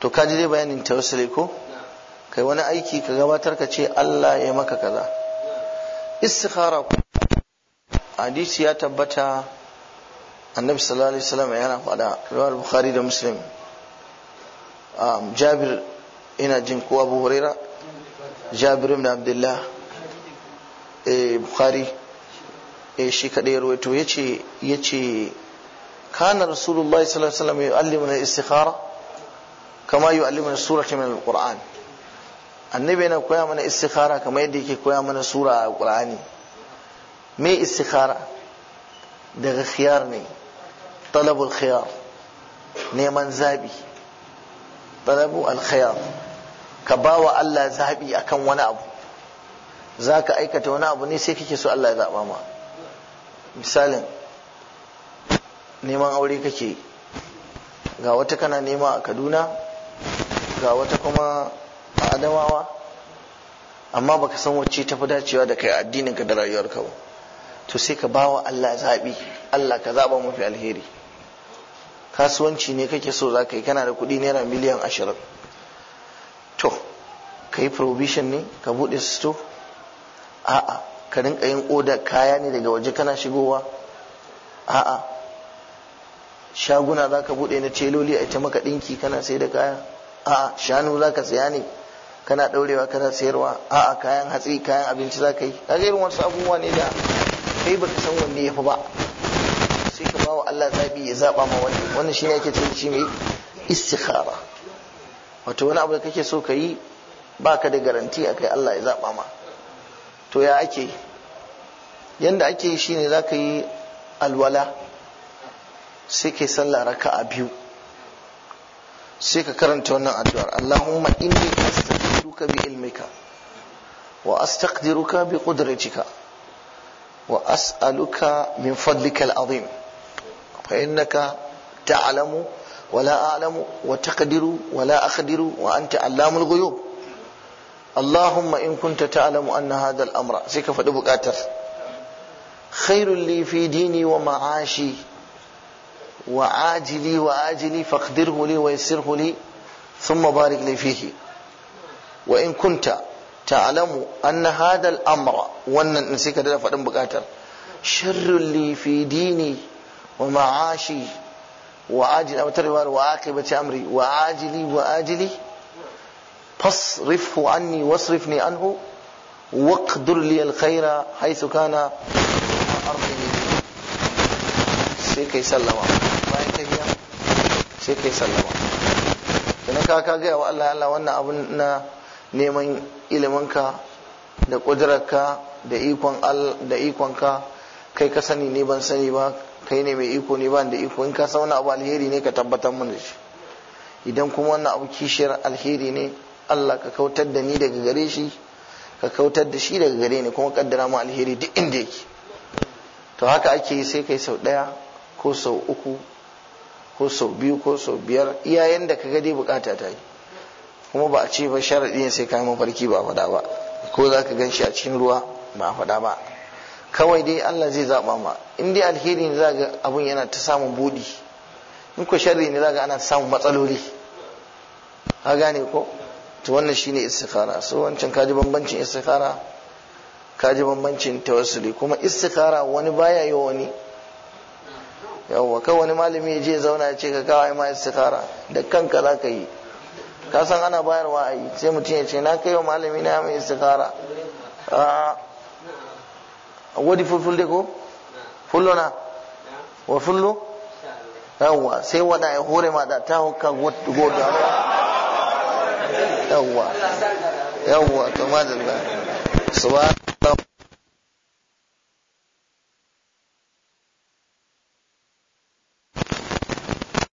to ka ji bayanin tawassuli ko kai wani aiki ka gabatar ka ce Allah ya maka kaza istikhara hadisi ya tabbata annabi sallallahu alaihi wasallam yana faɗa riwayar bukhari da muslim um, jabir ina jin ko abu huraira jabir ibn abdullah eh bukhari eh shi kadai ya rawaito yace yace kana rasulullahi sallallahu alaihi wasallam yu'allimuna istikhara kama yu'allimuna surata min alquran annabi yana koya mana istikhara kama yadda yake koya mana sura a qur'ani me istikhara daga khiyar ne talabul khiyar neman zabi talabu al khiyar ka bawa Allah zabi akan wani abu zaka aikata wani abu ne sai kake so Allah ya zaba ma misalin neman aure kake ga wata kana nema a kaduna ga wata kuma a adamawa amma baka san wacce ta fi dacewa da kai addininka da rayuwarka ba to sai ka bawa Allah zaɓi Allah ka zaɓa mafi alheri kasuwanci ne kake so za ka yi kana da kuɗi naira miliyan ashirin to ka yi provision ne ka buɗe sto a'a ka rinka yin oda kaya ne daga waje kana shigowa a'a shaguna za ka buɗe na celoli a ita maka ɗinki kana sai da kaya a'a shanu za ka saya ne kana ɗaurewa kana sayarwa a'a kayan hatsi kayan abinci za ka yi a irin wasu abubuwa ne da kai ba ka san wanne ya fi ba sai ka bawa Allah zabi ya zaba ma wani wannan shi ne ake cewa shi mai istikhara wato wani abu da kake so ka yi ba ka da garanti a kai Allah ya zaba ma to ya ake yanda ake yi ne za ka yi alwala sai kai sallah raka'a biyu sai ka karanta wannan addu'ar Allahumma inni astaghfiruka bi ilmika wa astaqdiruka bi qudratika wa as'aluka min fadlikal azim fa innaka ta'lamu wa la a'lamu wa taqdiru wa la aqdiru wa anta allamul ghuyub Allahumma in kunta ta'lamu anna hadha al-amra sai ka faɗi buƙatar khairul li fi dini wa ma'ashi وعاجلي وآجلي فاقدره لي ويسره لي ثم بارك لي فيه وإن كنت تعلم أن هذا الأمر وأن نسيك دلا فدن بقاتر شر لي في ديني ومعاشي وعاجل أو تروار وعاقبة أمري وعاجلي وآجلي فاصرفه عني واصرفني عنه واقدر لي الخير حيث كان أرضي sai kai sallama bayan tahiya sai kai sallama idan ka ka gaya wa Allah Allah wannan abun na neman ilimin ka da ƙudurarka da ikon da ikonka kai ka sani ne ban sani ba kai ne mai iko ne ban da iko in ka san wani abu alheri ne ka tabbatar mun da shi idan kuma wannan abu kishiyar alheri ne Allah ka kautar da ni daga gare shi ka kautar da shi daga gare ni kuma kaddara mu alheri duk inda yake to haka ake yi sai kai sau ɗaya ko sau uku ko sau biyu ko sau biyar iyayen da ka dai bukata ta yi kuma ba a ce ba sharaɗi ne sai kayan mafarki ba fada ba ko za ka gan shi a cikin ruwa ba faɗa ba kawai dai Allah zai zaɓa ma in dai alheri ne za ga abun yana ta samun buɗi in ko sharri ne za ga ana samun matsaloli ka gane ko to wannan shine istikhara so wancan kaji bambancin istikhara kaji bambancin tawassuli kuma istikhara wani baya yi wani yawwa kai wani malami ya je zauna ya ce ka kawai ma istikhara da kanka za ka yi ka san ana bayarwa a yi sai mutum ya ce na kai wa malami na mai istikhara a wadi fulful dai ko fullo na wa fullo yawwa sai wada ya hore ma da ta hukka goda yawwa yawwa to madalla subhanahu